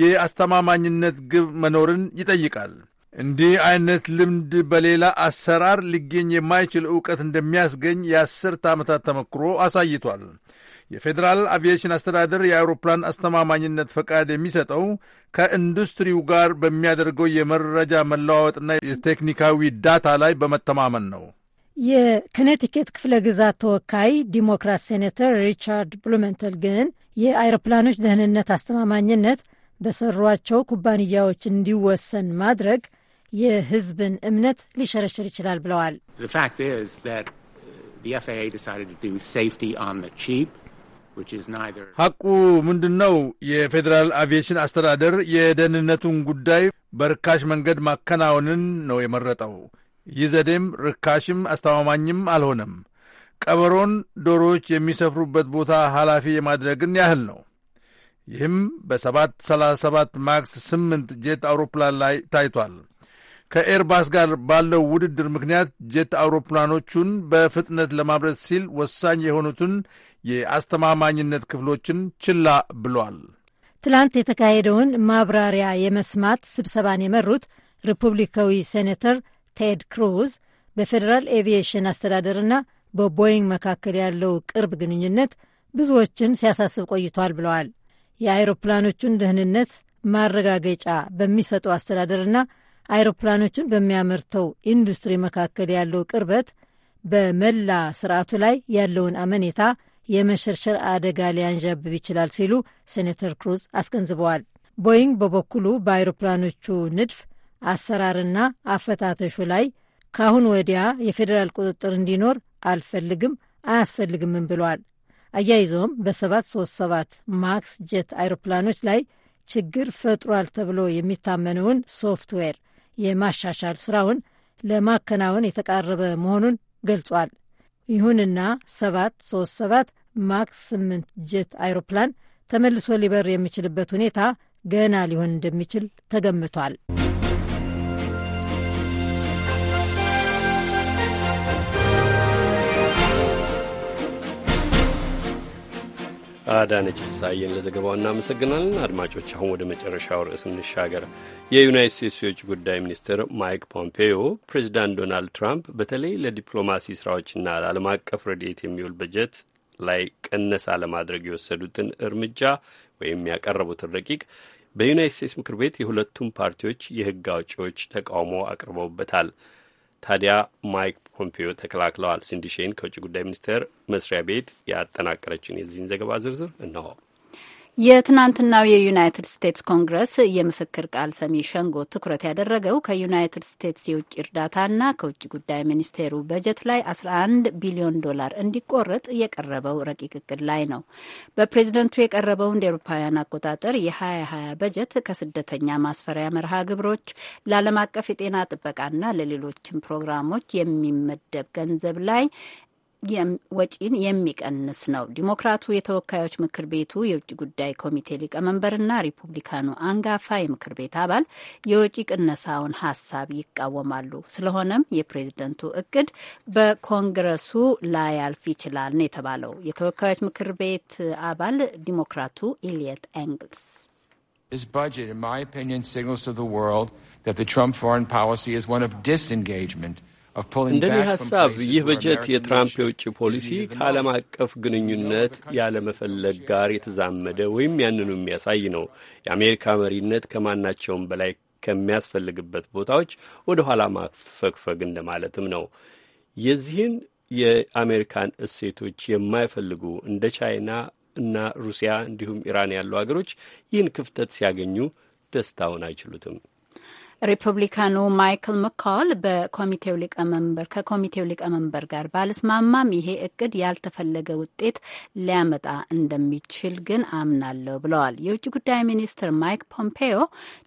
Speaker 16: የአስተማማኝነት ግብ መኖርን ይጠይቃል። እንዲህ አይነት ልምድ በሌላ አሰራር ሊገኝ የማይችል ዕውቀት እንደሚያስገኝ የአስርተ ዓመታት ተመክሮ አሳይቷል። የፌዴራል አቪዬሽን አስተዳደር የአውሮፕላን አስተማማኝነት ፈቃድ የሚሰጠው ከኢንዱስትሪው ጋር በሚያደርገው የመረጃ መለዋወጥና የቴክኒካዊ ዳታ ላይ በመተማመን ነው።
Speaker 15: የክኔቲኬት ክፍለ ግዛት ተወካይ ዲሞክራት ሴኔተር ሪቻርድ ብሉመንተል ግን የአይሮፕላኖች ደህንነት አስተማማኝነት በሰሯቸው ኩባንያዎች እንዲወሰን ማድረግ የሕዝብን እምነት
Speaker 16: ሊሸረሽር ይችላል ብለዋል። ሐቁ ምንድን ነው? የፌዴራል አቪዬሽን አስተዳደር የደህንነቱን ጉዳይ በርካሽ መንገድ ማከናወንን ነው የመረጠው። ይህ ዘዴም ርካሽም አስተማማኝም አልሆነም። ቀበሮን ዶሮዎች የሚሰፍሩበት ቦታ ኃላፊ የማድረግን ያህል ነው። ይህም በ737 ማክስ 8 ጄት አውሮፕላን ላይ ታይቷል። ከኤርባስ ጋር ባለው ውድድር ምክንያት ጄት አውሮፕላኖቹን በፍጥነት ለማምረት ሲል ወሳኝ የሆኑትን የአስተማማኝነት ክፍሎችን ችላ ብሏል።
Speaker 15: ትላንት የተካሄደውን ማብራሪያ የመስማት ስብሰባን የመሩት ሪፑብሊካዊ ሴኔተር ቴድ ክሩዝ በፌዴራል ኤቪዬሽን አስተዳደርና በቦይንግ መካከል ያለው ቅርብ ግንኙነት ብዙዎችን ሲያሳስብ ቆይቷል ብለዋል። የአውሮፕላኖቹን ደህንነት ማረጋገጫ በሚሰጡ አስተዳደርና አይሮፕላኖቹን በሚያመርተው ኢንዱስትሪ መካከል ያለው ቅርበት በመላ ስርዓቱ ላይ ያለውን አመኔታ የመሸርሸር አደጋ ሊያንዣብብ ይችላል ሲሉ ሴኔተር ክሩዝ አስገንዝበዋል። ቦይንግ በበኩሉ በአይሮፕላኖቹ ንድፍ አሰራርና አፈታተሹ ላይ ከአሁን ወዲያ የፌዴራል ቁጥጥር እንዲኖር አልፈልግም አያስፈልግምም ብሏል። አያይዘውም በ737 ማክስ ጀት አይሮፕላኖች ላይ ችግር ፈጥሯል ተብሎ የሚታመነውን ሶፍትዌር የማሻሻል ስራውን ለማከናወን የተቃረበ መሆኑን ገልጿል። ይሁንና ሰባት ሶስት ሰባት ማክስ ስምንት ጀት አይሮፕላን ተመልሶ ሊበር የሚችልበት ሁኔታ ገና ሊሆን እንደሚችል ተገምቷል።
Speaker 1: አዳነች ፍስሐዬን ለዘገባው እናመሰግናለን። አድማጮች፣ አሁን ወደ መጨረሻው ርዕስ እንሻገር። የዩናይት ስቴትስ የውጭ ጉዳይ ሚኒስትር ማይክ ፖምፔዮ ፕሬዚዳንት ዶናልድ ትራምፕ በተለይ ለዲፕሎማሲ ስራዎችና ለዓለም አቀፍ ረድኤት የሚውል በጀት ላይ ቅነሳ ለማድረግ የወሰዱትን እርምጃ ወይም ያቀረቡትን ረቂቅ በዩናይት ስቴትስ ምክር ቤት የሁለቱም ፓርቲዎች የህግ አውጪዎች ተቃውሞ አቅርበውበታል። ታዲያ ማይክ ፖምፒዮ ተከላክለዋል። ሲንዲሼን ከውጭ ጉዳይ ሚኒስቴር መስሪያ ቤት ያጠናቀረችን የዚህን ዘገባ ዝርዝር እነሆ።
Speaker 3: የትናንትናው የዩናይትድ ስቴትስ ኮንግረስ የምስክር ቃል ሰሚ ሸንጎ ትኩረት ያደረገው ከዩናይትድ ስቴትስ የውጭ እርዳታና ከውጭ ጉዳይ ሚኒስቴሩ በጀት ላይ 11 ቢሊዮን ዶላር እንዲቆረጥ የቀረበው ረቂቅ እቅድ ላይ ነው። በፕሬዝደንቱ የቀረበው እንደ ኤሮፓውያን አቆጣጠር የ2020 በጀት ከስደተኛ ማስፈሪያ መርሃ ግብሮች ለዓለም አቀፍ የጤና ጥበቃና ለሌሎችም ፕሮግራሞች የሚመደብ ገንዘብ ላይ ወጪን የሚቀንስ ነው። ዲሞክራቱ የተወካዮች ምክር ቤቱ የውጭ ጉዳይ ኮሚቴ ሊቀመንበርና ሪፑብሊካኑ አንጋፋ የምክር ቤት አባል የወጪ ቅነሳውን ሀሳብ ይቃወማሉ። ስለሆነም የፕሬዝደንቱ እቅድ በኮንግረሱ ላያልፍ ይችላል ነው የተባለው። የተወካዮች ምክር ቤት አባል ዲሞክራቱ ኢልየት ኤንግልስ
Speaker 9: This budget, in my opinion, signals to the world that the Trump foreign policy is one of disengagement እንደኔ ሀሳብ ይህ በጀት
Speaker 1: የትራምፕ የውጭ ፖሊሲ ከዓለም አቀፍ ግንኙነት ያለመፈለግ ጋር የተዛመደ ወይም ያንኑ የሚያሳይ ነው። የአሜሪካ መሪነት ከማናቸውም በላይ ከሚያስፈልግበት ቦታዎች ወደ ኋላ ማፈግፈግ እንደማለትም ነው። የዚህን የአሜሪካን እሴቶች የማይፈልጉ እንደ ቻይና እና ሩሲያ እንዲሁም ኢራን ያሉ ሀገሮች ይህን ክፍተት ሲያገኙ ደስታውን አይችሉትም።
Speaker 3: ሪፐብሊካኑ ማይክል መካል በኮሚቴው ሊቀመንበር ከኮሚቴው ሊቀመንበር ጋር ባለስማማም ይሄ እቅድ ያልተፈለገ ውጤት ሊያመጣ እንደሚችል ግን አምናለሁ ብለዋል። የውጭ ጉዳይ ሚኒስትር ማይክ ፖምፔዮ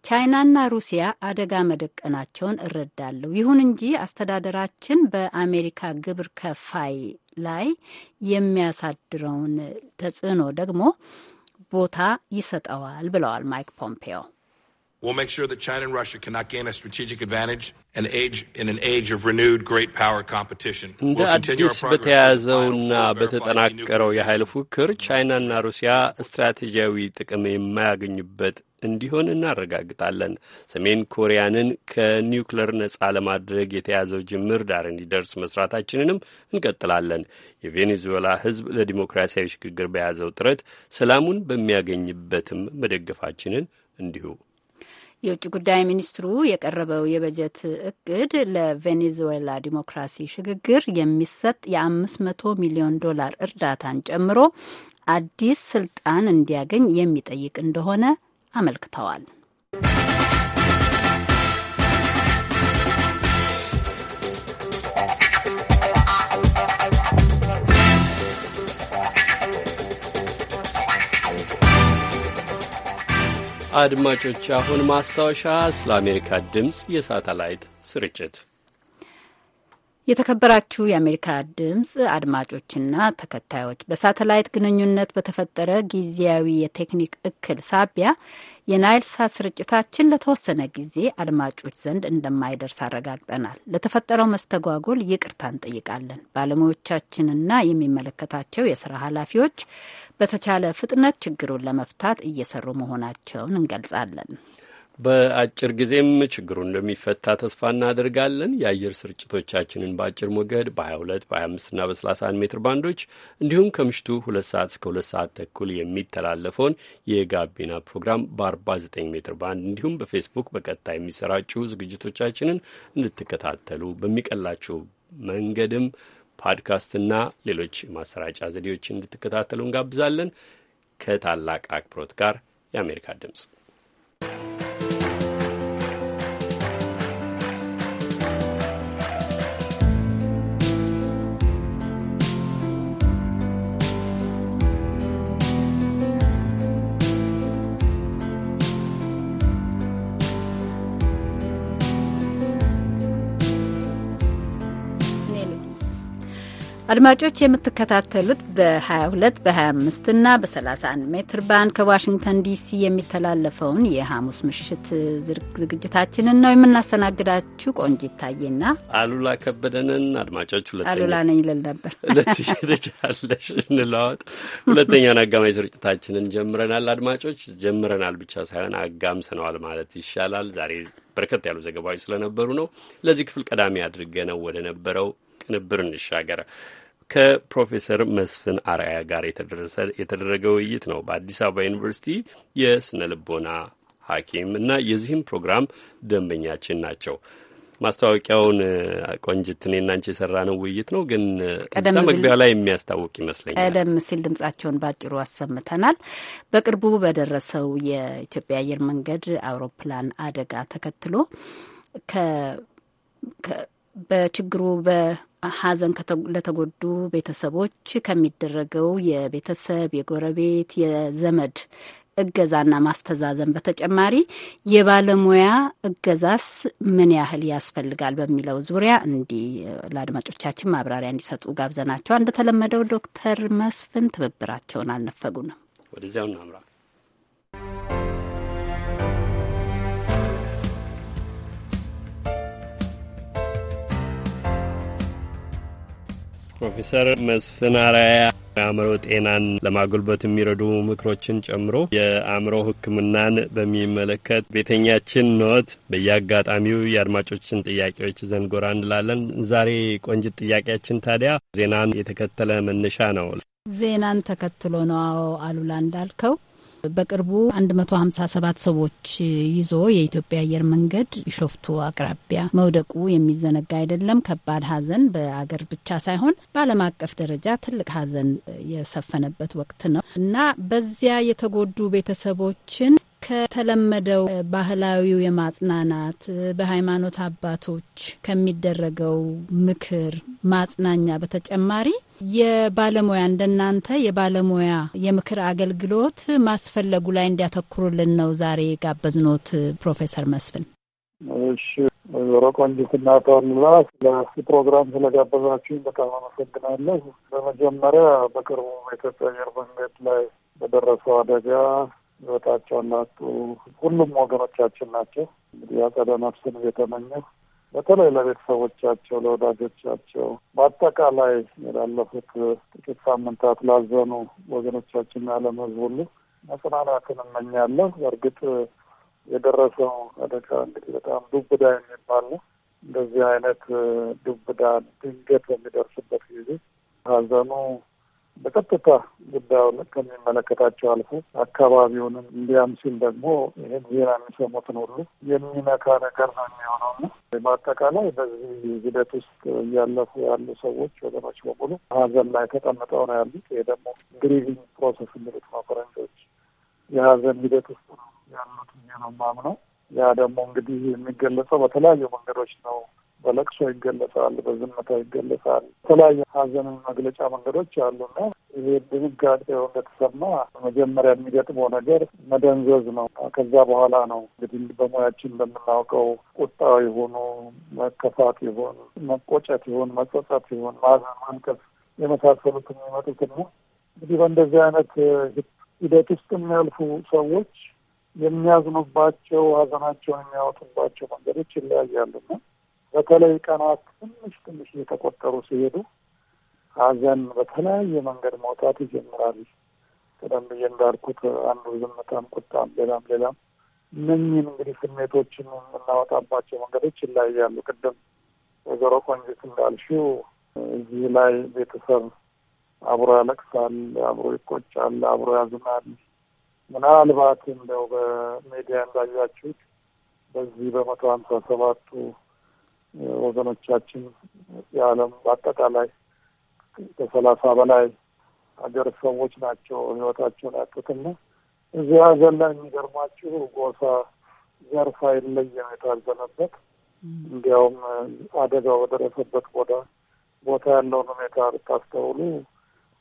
Speaker 3: ቻይናና ሩሲያ አደጋ መደቀናቸውን እረዳለሁ። ይሁን እንጂ አስተዳደራችን በአሜሪካ ግብር ከፋይ ላይ የሚያሳድረውን ተጽዕኖ ደግሞ ቦታ ይሰጠዋል ብለዋል ማይክ
Speaker 16: ፖምፔዮ። We'll make sure that China and Russia cannot gain a strategic advantage and age in an age of renewed great power competition. እንደ አዲስ
Speaker 1: በተያዘውና በተጠናቀረው የኃይል ፉክክር ቻይናና ሩሲያ ስትራቴጂያዊ ጥቅም የማያገኙበት እንዲሆን እናረጋግጣለን። ሰሜን ኮሪያንን ከኒውክለር ነጻ ለማድረግ የተያዘው ጅምር ዳር እንዲደርስ መስራታችንንም እንቀጥላለን። የቬኔዙዌላ ሕዝብ ለዲሞክራሲያዊ ሽግግር በያዘው ጥረት ሰላሙን በሚያገኝበትም መደገፋችንን እንዲሁ
Speaker 3: የውጭ ጉዳይ ሚኒስትሩ የቀረበው የበጀት እቅድ ለቬኔዙዌላ ዲሞክራሲ ሽግግር የሚሰጥ የ500 ሚሊዮን ዶላር እርዳታን ጨምሮ አዲስ ስልጣን እንዲያገኝ የሚጠይቅ እንደሆነ አመልክተዋል።
Speaker 1: አድማጮች አሁን ማስታወሻ ስለ አሜሪካ ድምፅ የሳተላይት ስርጭት።
Speaker 3: የተከበራችሁ የአሜሪካ ድምፅ አድማጮችና ተከታዮች በሳተላይት ግንኙነት በተፈጠረ ጊዜያዊ የቴክኒክ እክል ሳቢያ የናይል ሳት ስርጭታችን ለተወሰነ ጊዜ አድማጮች ዘንድ እንደማይደርስ አረጋግጠናል። ለተፈጠረው መስተጓጎል ይቅርታ እንጠይቃለን። ባለሙያዎቻችንና የሚመለከታቸው የስራ ኃላፊዎች በተቻለ ፍጥነት ችግሩን ለመፍታት እየሰሩ መሆናቸውን እንገልጻለን።
Speaker 1: በአጭር ጊዜም ችግሩ እንደሚፈታ ተስፋ እናደርጋለን። የአየር ስርጭቶቻችንን በአጭር ሞገድ በ22 በ25ና በ31 ሜትር ባንዶች እንዲሁም ከምሽቱ ሁለት ሰዓት እስከ ሁለት ሰዓት ተኩል የሚተላለፈውን የጋቢና ፕሮግራም በ49 ሜትር ባንድ እንዲሁም በፌስቡክ በቀጥታ የሚሰራጩ ዝግጅቶቻችንን እንድትከታተሉ በሚቀላችሁ መንገድም ፓድካስትና ሌሎች ማሰራጫ ዘዴዎች እንድትከታተሉ እንጋብዛለን። ከታላቅ አክብሮት ጋር የአሜሪካ ድምጽ።
Speaker 3: አድማጮች የምትከታተሉት በ22 በ25 እና በ31 ሜትር ባንድ ከዋሽንግተን ዲሲ የሚተላለፈውን የሐሙስ ምሽት ዝግጅታችንን ነው የምናስተናግዳችሁ። ቆንጅ ይታየና
Speaker 1: አሉላ ከበደንን። አድማጮች አሉላ
Speaker 3: ነኝ ይልል ነበር
Speaker 1: ትችላለሽ እንለዋወጥ። ሁለተኛውን አጋማሽ ስርጭታችንን ጀምረናል። አድማጮች ጀምረናል ብቻ ሳይሆን አጋምሰነዋል ማለት ይሻላል። ዛሬ በርከት ያሉ ዘገባዎች ስለነበሩ ነው። ለዚህ ክፍል ቀዳሚ አድርገነው ወደ ነበረው ቅንብር እንሻገር። ከፕሮፌሰር መስፍን አርአያ ጋር የተደረገ ውይይት ነው። በአዲስ አበባ ዩኒቨርሲቲ የስነ ልቦና ሐኪም እና የዚህም ፕሮግራም ደንበኛችን ናቸው። ማስታወቂያውን ቆንጅት፣ እኔ እና አንቺ ውይይት ነው፣ ግን እዛ መግቢያው ላይ የሚያስታውቅ ይመስለኛል። ቀደም
Speaker 3: ሲል ድምጻቸውን በአጭሩ አሰምተናል። በቅርቡ በደረሰው የኢትዮጵያ አየር መንገድ አውሮፕላን አደጋ ተከትሎ በችግሩ ሐዘን ለተጎዱ ቤተሰቦች ከሚደረገው የቤተሰብ የጎረቤት፣ የዘመድ እገዛና ማስተዛዘን በተጨማሪ የባለሙያ እገዛስ ምን ያህል ያስፈልጋል በሚለው ዙሪያ እንዲህ ለአድማጮቻችን ማብራሪያ እንዲሰጡ ጋብዘናቸዋል። እንደተለመደው ዶክተር መስፍን ትብብራቸውን አልነፈጉንም።
Speaker 1: ወደዚያው እናምራ። ፕሮፌሰር መስፍን አራያ የአእምሮ ጤናን ለማጎልበት የሚረዱ ምክሮችን ጨምሮ የአእምሮ ሕክምናን በሚመለከት ቤተኛችን ኖት። በየአጋጣሚው የአድማጮችን ጥያቄዎች ዘንጎራ እንላለን። ዛሬ ቆንጅት ጥያቄያችን ታዲያ ዜናን የተከተለ መነሻ ነው።
Speaker 3: ዜናን ተከትሎ ነው። አዎ አሉላ እንዳልከው በቅርቡ 157 ሰዎች ይዞ የኢትዮጵያ አየር መንገድ ቢሾፍቱ አቅራቢያ መውደቁ የሚዘነጋ አይደለም። ከባድ ሐዘን በአገር ብቻ ሳይሆን በዓለም አቀፍ ደረጃ ትልቅ ሐዘን የሰፈነበት ወቅት ነው እና በዚያ የተጎዱ ቤተሰቦችን ከተለመደው ባህላዊው የማጽናናት በሃይማኖት አባቶች ከሚደረገው ምክር ማጽናኛ በተጨማሪ የባለሙያ እንደናንተ የባለሙያ የምክር አገልግሎት ማስፈለጉ ላይ እንዲያተኩሩልን ነው ዛሬ ጋበዝኖት ፕሮፌሰር መስፍን።
Speaker 4: እሺ ወይዘሮ ቆንጅትና ተወልላ ስለዚህ ፕሮግራም ስለጋበዛችሁኝ በጣም አመሰግናለሁ። በመጀመሪያ በቅርቡ በኢትዮጵያ አየር መንገድ ላይ በደረሰው አደጋ ህይወታቸውን ላጡ ሁሉም ወገኖቻችን ናቸው። እንግዲህ አጸደ ነፍስን እየተመኘሁ በተለይ ለቤተሰቦቻቸው፣ ለወዳጆቻቸው በአጠቃላይ ላለፉት ጥቂት ሳምንታት ላዘኑ ወገኖቻችን ያለም ህዝብ ሁሉ መጽናናትን እመኛለሁ። በእርግጥ የደረሰው አደጋ እንግዲህ በጣም ዱብዳ የሚባል ነው። እንደዚህ አይነት ዱብዳ ድንገት በሚደርስበት ጊዜ ሀዘኑ በቀጥታ ጉዳዩን ከሚመለከታቸው አልፎ አካባቢውንም እንዲያም ሲል ደግሞ ይህን ዜና የሚሰሙትን ሁሉ የሚነካ ነገር ነው የሚሆነው በአጠቃላይ በዚህ ሂደት ውስጥ እያለፉ ያሉ ሰዎች ወገኖች በሙሉ ሀዘን ላይ ተቀምጠው ነው ያሉት። ይሄ ደግሞ ግሪቪንግ ፕሮሰስ የሚሉት ነው ፈረንጆች። የሀዘን ሂደት ውስጥ ነው ያሉት ነው የማምነው። ያ ደግሞ እንግዲህ የሚገለጸው በተለያዩ መንገዶች ነው። በለቅሶ ይገለጻል፣ በዝምታ ይገለጻል። የተለያዩ ሀዘንን መግለጫ መንገዶች አሉና ይሄ ድንጋጤ እንደተሰማ መጀመሪያ የሚገጥመው ነገር መደንዘዝ ነው። ከዛ በኋላ ነው እንግዲህ በሙያችን እንደምናውቀው ቁጣ የሆኑ መከፋት ይሆን መቆጨት ይሆን መጸጸት ይሆን ማዘን፣ ማልቀስ የመሳሰሉት ነው። እንግዲህ በእንደዚህ አይነት ሂደት ውስጥ የሚያልፉ ሰዎች የሚያዝኑባቸው ሀዘናቸውን የሚያወጡባቸው መንገዶች ይለያያሉና በተለይ ቀናት ትንሽ ትንሽ እየተቆጠሩ ሲሄዱ ሀዘን በተለያየ መንገድ መውጣት ይጀምራል። ቀደም ብዬ እንዳልኩት አንዱ ዝምታም፣ ቁጣም፣ ሌላም ሌላም እነኝን እንግዲህ ስሜቶችን የምናወጣባቸው መንገዶች ይለያያሉ። ቅድም ወይዘሮ ቆንጅት እንዳልሽው እዚህ ላይ ቤተሰብ አብሮ ያለቅሳል፣ አብሮ ይቆጫል፣ አብሮ ያዝናል። ምናልባት እንደው በሜዲያ እንዳያችሁት በዚህ በመቶ ሀምሳ ሰባቱ ወገኖቻችን የዓለም በአጠቃላይ ከሰላሳ በላይ ሀገር ሰዎች ናቸው ህይወታቸውን ያጡትና እዚያ ሀዘን ላይ የሚገርማችሁ ጎሳ፣ ዘርፍ አይለየም የታዘነበት እንዲያውም አደጋው በደረሰበት ቦታ ቦታ ያለውን ሁኔታ ብታስተውሉ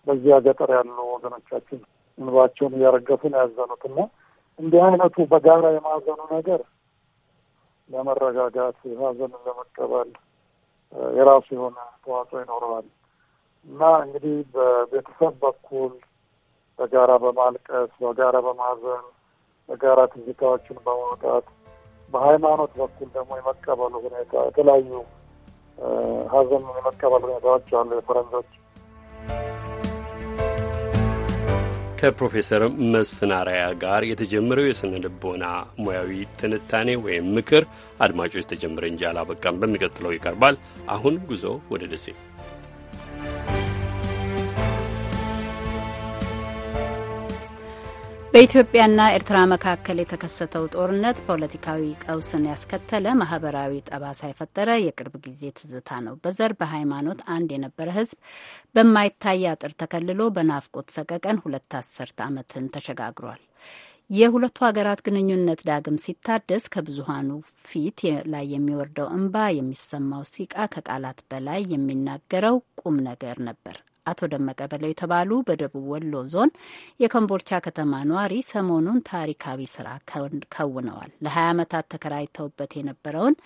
Speaker 4: በዚያ ገጠር ያሉ ወገኖቻችን እንባቸውን እያረገፉ ነው ያዘኑት እንዲህ አይነቱ በጋራ የማዘኑ ነገር ለመረጋጋት ሀዘንን ለመቀበል የራሱ የሆነ ተዋጽኦ ይኖረዋል እና እንግዲህ በቤተሰብ በኩል በጋራ በማልቀስ በጋራ በማዘን በጋራ ትዝታዎችን በማውጣት በሃይማኖት በኩል ደግሞ የመቀበሉ ሁኔታ የተለያዩ ሀዘን የመቀበል ሁኔታዎች አሉ የፈረንጆች
Speaker 1: ከፕሮፌሰር መስፍን አራያ ጋር የተጀመረው የስነ ልቦና ሙያዊ ትንታኔ ወይም ምክር አድማጮች ተጀመረ እንጂ አላበቃም፣ በሚቀጥለው ይቀርባል። አሁን ጉዞ ወደ ደሴ
Speaker 3: በኢትዮጵያና ኤርትራ መካከል የተከሰተው ጦርነት ፖለቲካዊ ቀውስን ያስከተለ፣ ማህበራዊ ጠባሳ የፈጠረ የቅርብ ጊዜ ትዝታ ነው። በዘር በሃይማኖት አንድ የነበረ ሕዝብ በማይታይ አጥር ተከልሎ በናፍቆት ሰቀቀን ሁለት አስርት ዓመትን ተሸጋግሯል። የሁለቱ ሀገራት ግንኙነት ዳግም ሲታደስ ከብዙሃኑ ፊት ላይ የሚወርደው እንባ፣ የሚሰማው ሲቃ ከቃላት በላይ የሚናገረው ቁም ነገር ነበር። አቶ ደመቀ በለው የተባሉ በደቡብ ወሎ ዞን የኮምቦልቻ ከተማ ነዋሪ ሰሞኑን ታሪካዊ ስራ ከውነዋል። ለ20 ዓመታት ተከራይተውበት የነበረውን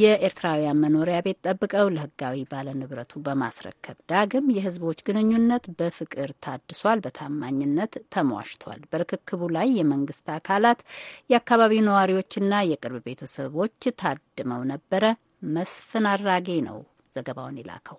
Speaker 3: የኤርትራውያን መኖሪያ ቤት ጠብቀው ለህጋዊ ባለንብረቱ በማስረከብ ዳግም የህዝቦች ግንኙነት በፍቅር ታድሷል፣ በታማኝነት ተሟሽቷል። በርክክቡ ላይ የመንግስት አካላት፣ የአካባቢው ነዋሪዎችና የቅርብ ቤተሰቦች ታድመው ነበረ። መስፍን አራጌ ነው ዘገባውን የላከው።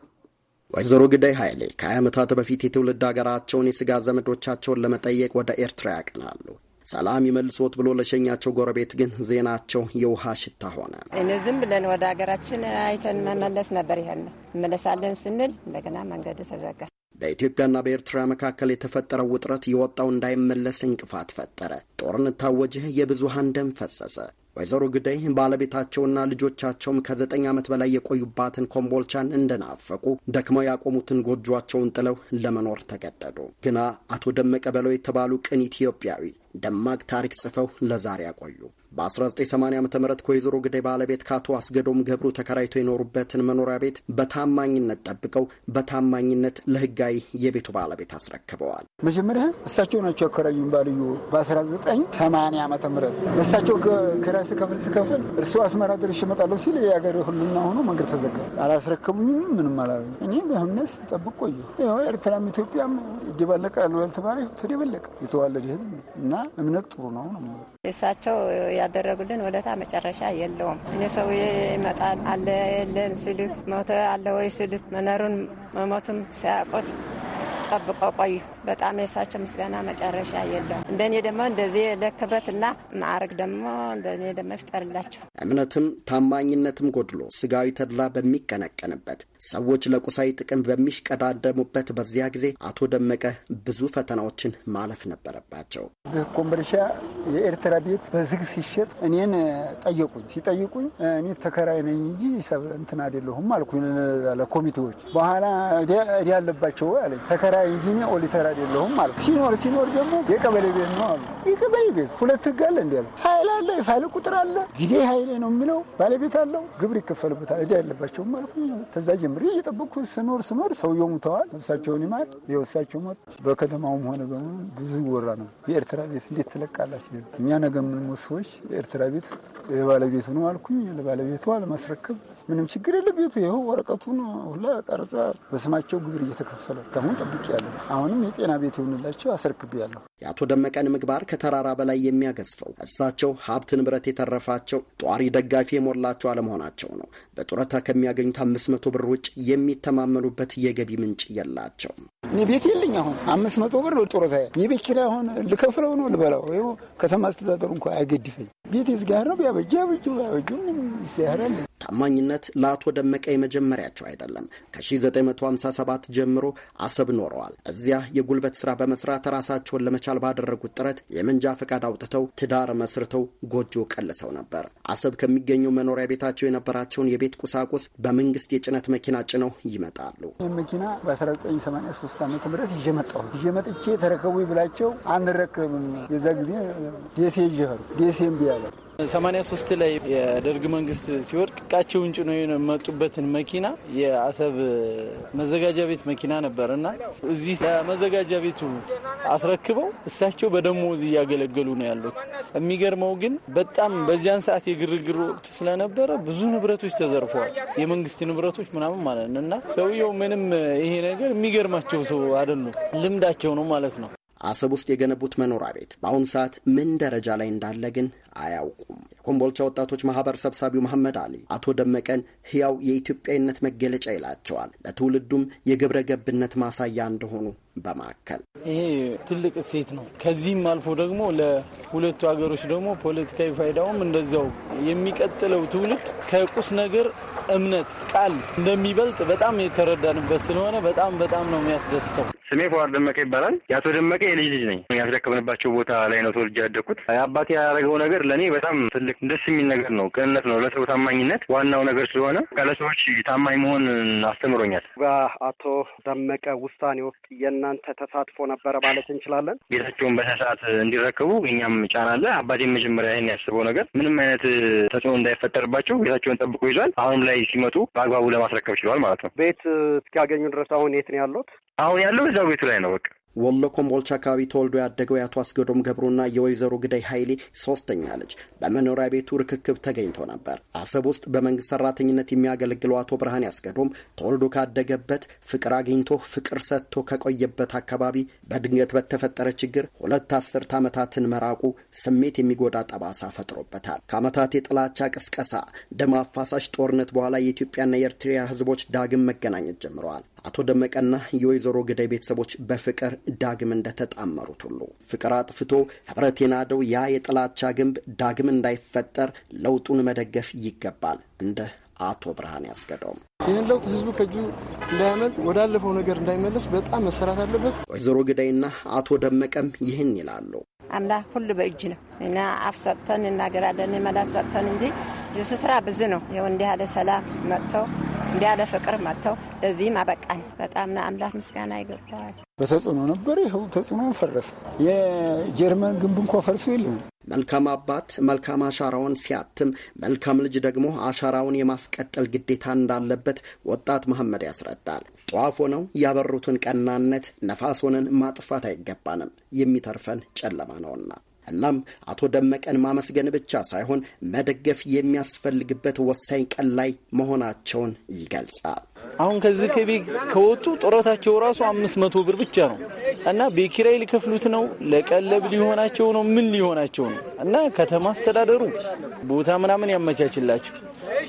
Speaker 17: ወይዘሮ ግዳይ ኃይሌ ከ20 ዓመታት በፊት የትውልድ ሀገራቸውን የሥጋ ዘመዶቻቸውን ለመጠየቅ ወደ ኤርትራ ያቀናሉ። ሰላም ይመልሶት ብሎ ለሸኛቸው ጎረቤት ግን ዜናቸው የውሃ ሽታ ሆነ።
Speaker 3: እኔ ዝም ብለን ወደ ሀገራችን አይተን መመለስ ነበር።
Speaker 6: ይሄን ነው እመለሳለን ስንል እንደገና መንገዱ ተዘጋ።
Speaker 17: በኢትዮጵያና በኤርትራ መካከል የተፈጠረው ውጥረት የወጣው እንዳይመለስ እንቅፋት ፈጠረ። ጦርነት ታወጀ። የብዙሃን ደም ፈሰሰ። ወይዘሮ ግደይ ባለቤታቸውና ልጆቻቸውም ከዘጠኝ ዓመት በላይ የቆዩባትን ኮምቦልቻን እንደናፈቁ ደክመው ያቆሙትን ጎጆቸውን ጥለው ለመኖር ተገደዱ። ግና አቶ ደመቀ በለው የተባሉ ቅን ኢትዮጵያዊ ደማቅ ታሪክ ጽፈው ለዛሬ ያቆዩ በ1980 ዓ ም ከወይዘሮ ግደይ ባለቤት ከአቶ አስገዶም ገብሩ ተከራይቶ የኖሩበትን መኖሪያ ቤት በታማኝነት ጠብቀው በታማኝነት ለህጋዊ የቤቱ ባለቤት አስረክበዋል።
Speaker 18: መጀመሪያ እሳቸው ናቸው ያከራዩ ባልዩ በ1980 ዓ ም እሳቸው ክራይ ስከፍል ስከፍል እርሱ አስመራ ድርሽ እመጣለሁ ሲል የሀገር ሁሉና ሆኖ መንገድ ተዘጋ። አላስረከቡኝም። ምንም አላሉ። እኔ በእምነት ስጠብቅ ቆየ። ኤርትራም ኢትዮጵያም እጅ ባለቀ ተደበለቀ የተዋለደ ህዝብ እና እምነት ጥሩ ነው ነው
Speaker 3: እሳቸው ያደረጉልን ውለታ መጨረሻ የለውም። እኔ ሰው ይመጣል አለ የለን ስሉት ሞተ አለ ወይ ስሉት መኖሩን መሞቱም ሳያውቁት ጠብቀው ቆዩ። በጣም የሳቸው ምስጋና መጨረሻ የለውም። እንደኔ ደግሞ እንደዚህ ለክብረትና ማዕረግ ደግሞ እንደኔ ደግሞ ይፍጠርላቸው።
Speaker 17: እምነትም ታማኝነትም ጎድሎ ስጋዊ ተድላ በሚቀነቀንበት ሰዎች ለቁሳዊ ጥቅም በሚሽቀዳደሙበት በዚያ ጊዜ አቶ ደመቀ ብዙ ፈተናዎችን ማለፍ ነበረባቸው።
Speaker 18: ኮምቦልቻ የኤርትራ ቤት በዝግ ሲሸጥ እኔን ጠየቁኝ። ሲጠይቁኝ እኔ ተከራይ ነኝ እንጂ እንትን አይደለሁም አልኩኝ ለኮሚቴዎች። በኋላ እዲ አለባቸው አለ ተከራይ እንጂ እኔ ኦዲተር አይደለሁም አልኩ። ሲኖር ሲኖር ደግሞ የቀበሌ ቤት ነው አሉ። የቀበሌ ቤት ሁለት ህግ አለ እንዲ ፋይል አለ፣ የፋይል ቁጥር አለ፣ ጊዜ ሀይሌ ነው የሚለው ባለቤት አለው፣ ግብር ይከፈልበታል፣ እዲ አለባቸውም አልኩኝ። ተዛጅ ጀምሬ እየጠበቅኩ ስኖር ስኖር ሰውየው ሙተዋል። ነፍሳቸውን ይማር። የወሳቸው ሞት በከተማውም ሆነ በምን ብዙ ይወራ ነው። የኤርትራ ቤት እንዴት ትለቃላች? እኛ ነገ የምንሞት ሰዎች የኤርትራ ቤት የባለቤቱ ነው አልኩኝ። ለባለቤቱ አለማስረከብ ምንም ችግር የለ። የለበት። ይኸው ወረቀቱን ሁላ ቀርጻ በስማቸው ግብር እየተከፈለ ከሁን ጠብቅ ያለ አሁንም የጤና ቤት
Speaker 17: ይሆንላቸው አሰርክብ ያለሁ የአቶ ደመቀን ምግባር ከተራራ በላይ የሚያገዝፈው እሳቸው ሀብት ንብረት የተረፋቸው ጧሪ ደጋፊ የሞላቸው አለመሆናቸው ነው። በጡረታ ከሚያገኙት አምስት መቶ ብር ውጭ የሚተማመኑበት የገቢ ምንጭ የላቸው።
Speaker 18: እኔ ቤት የለኝ። አሁን አምስት መቶ ብር ጡረታ የቤት ኪራይ አሁን ልከፍለው ነው ልበላው። ይኸው ከተማ አስተዳደሩ እንኳ አይገድፈኝ። ቤት
Speaker 17: ዝጋር ነው። ቢያበጅ ያበጁ ባያበጁ ይሰራል። ታማኝነት ለአቶ ደመቀ የመጀመሪያቸው አይደለም። ከ1957 ጀምሮ አሰብ ኖረዋል። እዚያ የጉልበት ስራ በመስራት ራሳቸውን ለመቻል ባደረጉት ጥረት የመንጃ ፈቃድ አውጥተው ትዳር መስርተው ጎጆ ቀልሰው ነበር። አሰብ ከሚገኘው መኖሪያ ቤታቸው የነበራቸውን የቤት ቁሳቁስ በመንግስት የጭነት መኪና ጭነው ይመጣሉ።
Speaker 18: ይህ መኪና በ1983 ዓ ም ይዤ መጣሁ። ይዤ መጥቼ ተረከቡ ብላቸው አንረከብም። የዛ ጊዜ ደሴ ይዤ ሄድኩ። ደሴ እምቢ አለ።
Speaker 19: ሰማንያ ሶስት ላይ የደርግ መንግስት ሲወድቅ እቃቸውን ነው የመጡበትን መኪና የአሰብ መዘጋጃ ቤት መኪና ነበር እና እዚህ ለመዘጋጃ ቤቱ አስረክበው እሳቸው በደሞዝ እያገለገሉ ነው ያሉት። የሚገርመው ግን በጣም በዚያን ሰዓት የግርግር ወቅት ስለነበረ ብዙ ንብረቶች ተዘርፈዋል። የመንግስት ንብረቶች ምናምን ማለት ነው እና ሰውየው ምንም ይሄ ነገር የሚገርማቸው ሰው አይደሉም። ልምዳቸው ነው ማለት ነው።
Speaker 17: አሰብ ውስጥ የገነቡት መኖሪያ ቤት በአሁኑ ሰዓት ምን ደረጃ ላይ እንዳለ ግን አያውቁም። የኮምቦልቻ ወጣቶች ማህበር ሰብሳቢው መሐመድ አሊ አቶ ደመቀን ህያው የኢትዮጵያዊነት መገለጫ ይላቸዋል። ለትውልዱም የግብረ ገብነት ማሳያ እንደሆኑ በማከል
Speaker 19: ይሄ ትልቅ እሴት ነው። ከዚህም አልፎ ደግሞ ለሁለቱ ሀገሮች ደግሞ ፖለቲካዊ ፋይዳውም እንደዚያው የሚቀጥለው ትውልድ ከቁስ ነገር እምነት፣ ቃል እንደሚበልጥ በጣም የተረዳንበት ስለሆነ በጣም በጣም ነው የሚያስደስተው።
Speaker 8: ስሜ ፈዋር ደመቀ ይባላል። የአቶ ደመቀ የልጅ ልጅ ነኝ። ያስደከምንባቸው ቦታ ላይ ነው ተወልጄ ያደግኩት። አባቴ ያደረገው ነገር ለእኔ በጣም ትልቅ ደስ የሚል ነገር ነው። ቅንነት ነው፣ ለሰው ታማኝነት ዋናው ነገር ስለሆነ ለሰዎች ታማኝ መሆን አስተምሮኛል።
Speaker 17: በአቶ ደመቀ ውሳኔ ወቅት የእናንተ ተሳትፎ ነበረ ማለት እንችላለን?
Speaker 8: ቤታቸውን በሰዓት እንዲረከቡ እኛም ጫናለ አባቴ መጀመሪያ ይህን ያስበው ነገር ምንም አይነት ተጽዕኖ እንዳይፈጠርባቸው ቤታቸውን ጠብቆ ይዟል። አሁንም ላይ ሲመጡ በአግባቡ ለማስረከብ
Speaker 17: ችሏል ማለት ነው። ቤት እስኪያገኙ ድረስ አሁን የት ነው ያሉት? አሁን ያለው እዛው ቤቱ ላይ ነው። በቃ ወሎ ኮምቦልቻ አካባቢ ተወልዶ ያደገው የአቶ አስገዶም ገብሩና የወይዘሮ ግዳይ ኃይሌ ሶስተኛ ልጅ በመኖሪያ ቤቱ ርክክብ ተገኝቶ ነበር። አሰብ ውስጥ በመንግስት ሰራተኝነት የሚያገለግለው አቶ ብርሃን አስገዶም ተወልዶ ካደገበት ፍቅር አግኝቶ ፍቅር ሰጥቶ ከቆየበት አካባቢ በድንገት በተፈጠረ ችግር ሁለት አስርት ዓመታትን መራቁ ስሜት የሚጎዳ ጠባሳ ፈጥሮበታል። ከዓመታት የጥላቻ ቅስቀሳ፣ ደም አፋሳሽ ጦርነት በኋላ የኢትዮጵያና የኤርትሪያ ህዝቦች ዳግም መገናኘት ጀምረዋል። አቶ ደመቀና የወይዘሮ ግዳይ ቤተሰቦች በፍቅር ዳግም እንደተጣመሩት ሁሉ ፍቅር አጥፍቶ ህብረት የናደው ያ የጥላቻ ግንብ ዳግም እንዳይፈጠር ለውጡን መደገፍ ይገባል። እንደ አቶ ብርሃን ያስገደውም
Speaker 8: ይህን ለውጥ ህዝቡ ከእጁ እንዳያመልጥ ወዳለፈው ነገር እንዳይመለስ በጣም መሰራት አለበት።
Speaker 17: ወይዘሮ ግዳይና አቶ ደመቀም ይህን ይላሉ።
Speaker 3: አምላክ ሁሉ በእጅ ነው እና አፍ ሰጥተን እናገራለን መላስ ሰጥተን እንጂ የሱ ስራ ብዙ ነው። ይኸው እንዲህ ያለ ሰላም መጥተው እንዲያለ ፍቅር መጥተው ለዚህም አበቃን። በጣም ለአምላክ ምስጋና ይገባዋል።
Speaker 18: በተጽዕኖ ነበር። ይኸው ተጽዕኖ ፈረሰ። የጀርመን ግንብ እንኳ ፈርሶ የለም።
Speaker 17: መልካም አባት መልካም አሻራውን ሲያትም መልካም ልጅ ደግሞ አሻራውን የማስቀጠል ግዴታ እንዳለበት ወጣት መሐመድ ያስረዳል። ጧፍ ሆነው ያበሩትን ቀናነት ነፋስ ሆነን ማጥፋት አይገባንም፣ የሚተርፈን ጨለማ ነውና እናም አቶ ደመቀን ማመስገን ብቻ ሳይሆን መደገፍ የሚያስፈልግበት ወሳኝ ቀን ላይ መሆናቸውን ይገልጻል።
Speaker 19: አሁን ከዚህ ከቤት ከወጡ ጡረታቸው ራሱ አምስት መቶ ብር ብቻ ነው እና ቤት ሊከፍሉት ነው፣ ለቀለብ ሊሆናቸው ነው፣ ምን ሊሆናቸው ነው እና ከተማ አስተዳደሩ ቦታ ምናምን ያመቻችላቸው።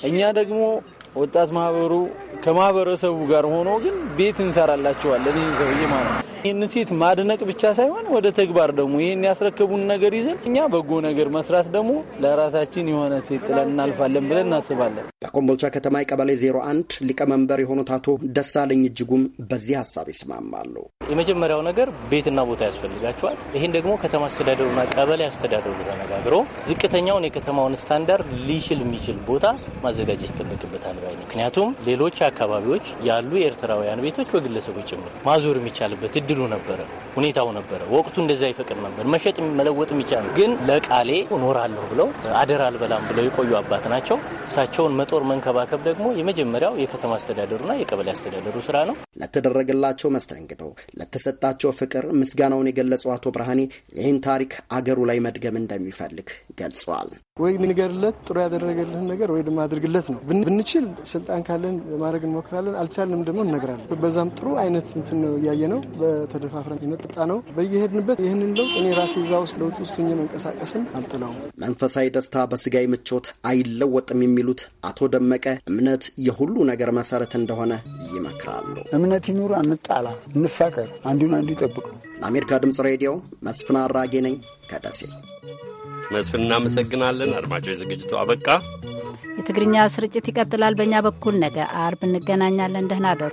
Speaker 19: እኛ ደግሞ ወጣት ማህበሩ ከማህበረሰቡ ጋር ሆኖ ግን ቤት እንሰራላቸዋለን። ይህን ሰውዬ ማለት ነው ይህን ሴት ማድነቅ ብቻ ሳይሆን ወደ ተግባር ደግሞ ይህን ያስረከቡን ነገር ይዘን እኛ በጎ ነገር መስራት ደግሞ ለራሳችን የሆነ ሴት ጥለን እናልፋለን ብለን እናስባለን።
Speaker 17: በኮምቦልቻ ከተማ ቀበሌ 01 ሊቀመንበር የሆኑት አቶ ደሳለኝ እጅጉም በዚህ ሀሳብ ይስማማሉ።
Speaker 19: የመጀመሪያው ነገር ቤትና ቦታ
Speaker 11: ያስፈልጋቸዋል። ይህን ደግሞ ከተማ አስተዳደሩና ቀበሌ አስተዳደሩ ተነጋግሮ ዝቅተኛውን የከተማውን ስታንዳርድ ሊችል የሚችል ቦታ ማዘጋጀት ይጠበቅበታል ባይ ምክንያቱም ሌሎች አካባቢዎች ያሉ የኤርትራውያን ቤቶች በግለሰቦች ጭምር ማዞር የሚቻልበት እድሉ ነበረ። ሁኔታው ነበረ። ወቅቱ እንደዛ ይፈቅድ ነበር። መሸጥ መለወጥ የሚቻል ግን ለቃሌ እኖራለሁ ብለው አደር አልበላም ብለው የቆዩ አባት ናቸው። እሳቸውን መጦር መንከባከብ ደግሞ የመጀመሪያው የከተማ አስተዳደሩና የቀበሌ አስተዳደሩ ስራ ነው።
Speaker 17: ለተደረገላቸው መስተንግዶ፣ ለተሰጣቸው ፍቅር ምስጋናውን የገለጸው አቶ ብርሃኔ ይህን ታሪክ አገሩ ላይ መድገም እንደሚፈልግ ገልጿል።
Speaker 8: ወይ ንገርለት ጥሩ ያደረገልህን ነገር ወይ ድማ አድርግለት ነው። ብንችል ስልጣን ካለን ማድረግ እንሞክራለን፣ አልቻልንም ደግሞ እነግራለን። በዛም ጥሩ አይነት እንትን ነው እያየ ነው በተደፋፍረን የተቀጣ ነው። በየሄድንበት ይህንን ለውጥ እኔ ራሴ እዛ ውስጥ ለውጥ ውስጥ ሆኜ መንቀሳቀስም አልጥለውም።
Speaker 17: መንፈሳዊ ደስታ በስጋዊ ምቾት አይለወጥም የሚሉት አቶ ደመቀ እምነት የሁሉ ነገር መሰረት እንደሆነ ይመክራሉ። እምነት ይኑር፣ አንጣላ፣ እንፋቀር፣ አንዱን አንዱ ይጠብቀው። ለአሜሪካ ድምፅ ሬዲዮ መስፍን አራጌ ነኝ ከደሴ።
Speaker 1: መስፍን እናመሰግናለን። አድማጮች ዝግጅቱ አበቃ።
Speaker 3: የትግርኛ ስርጭት ይቀጥላል። በእኛ በኩል ነገ አርብ እንገናኛለን። ደህና አደሩ።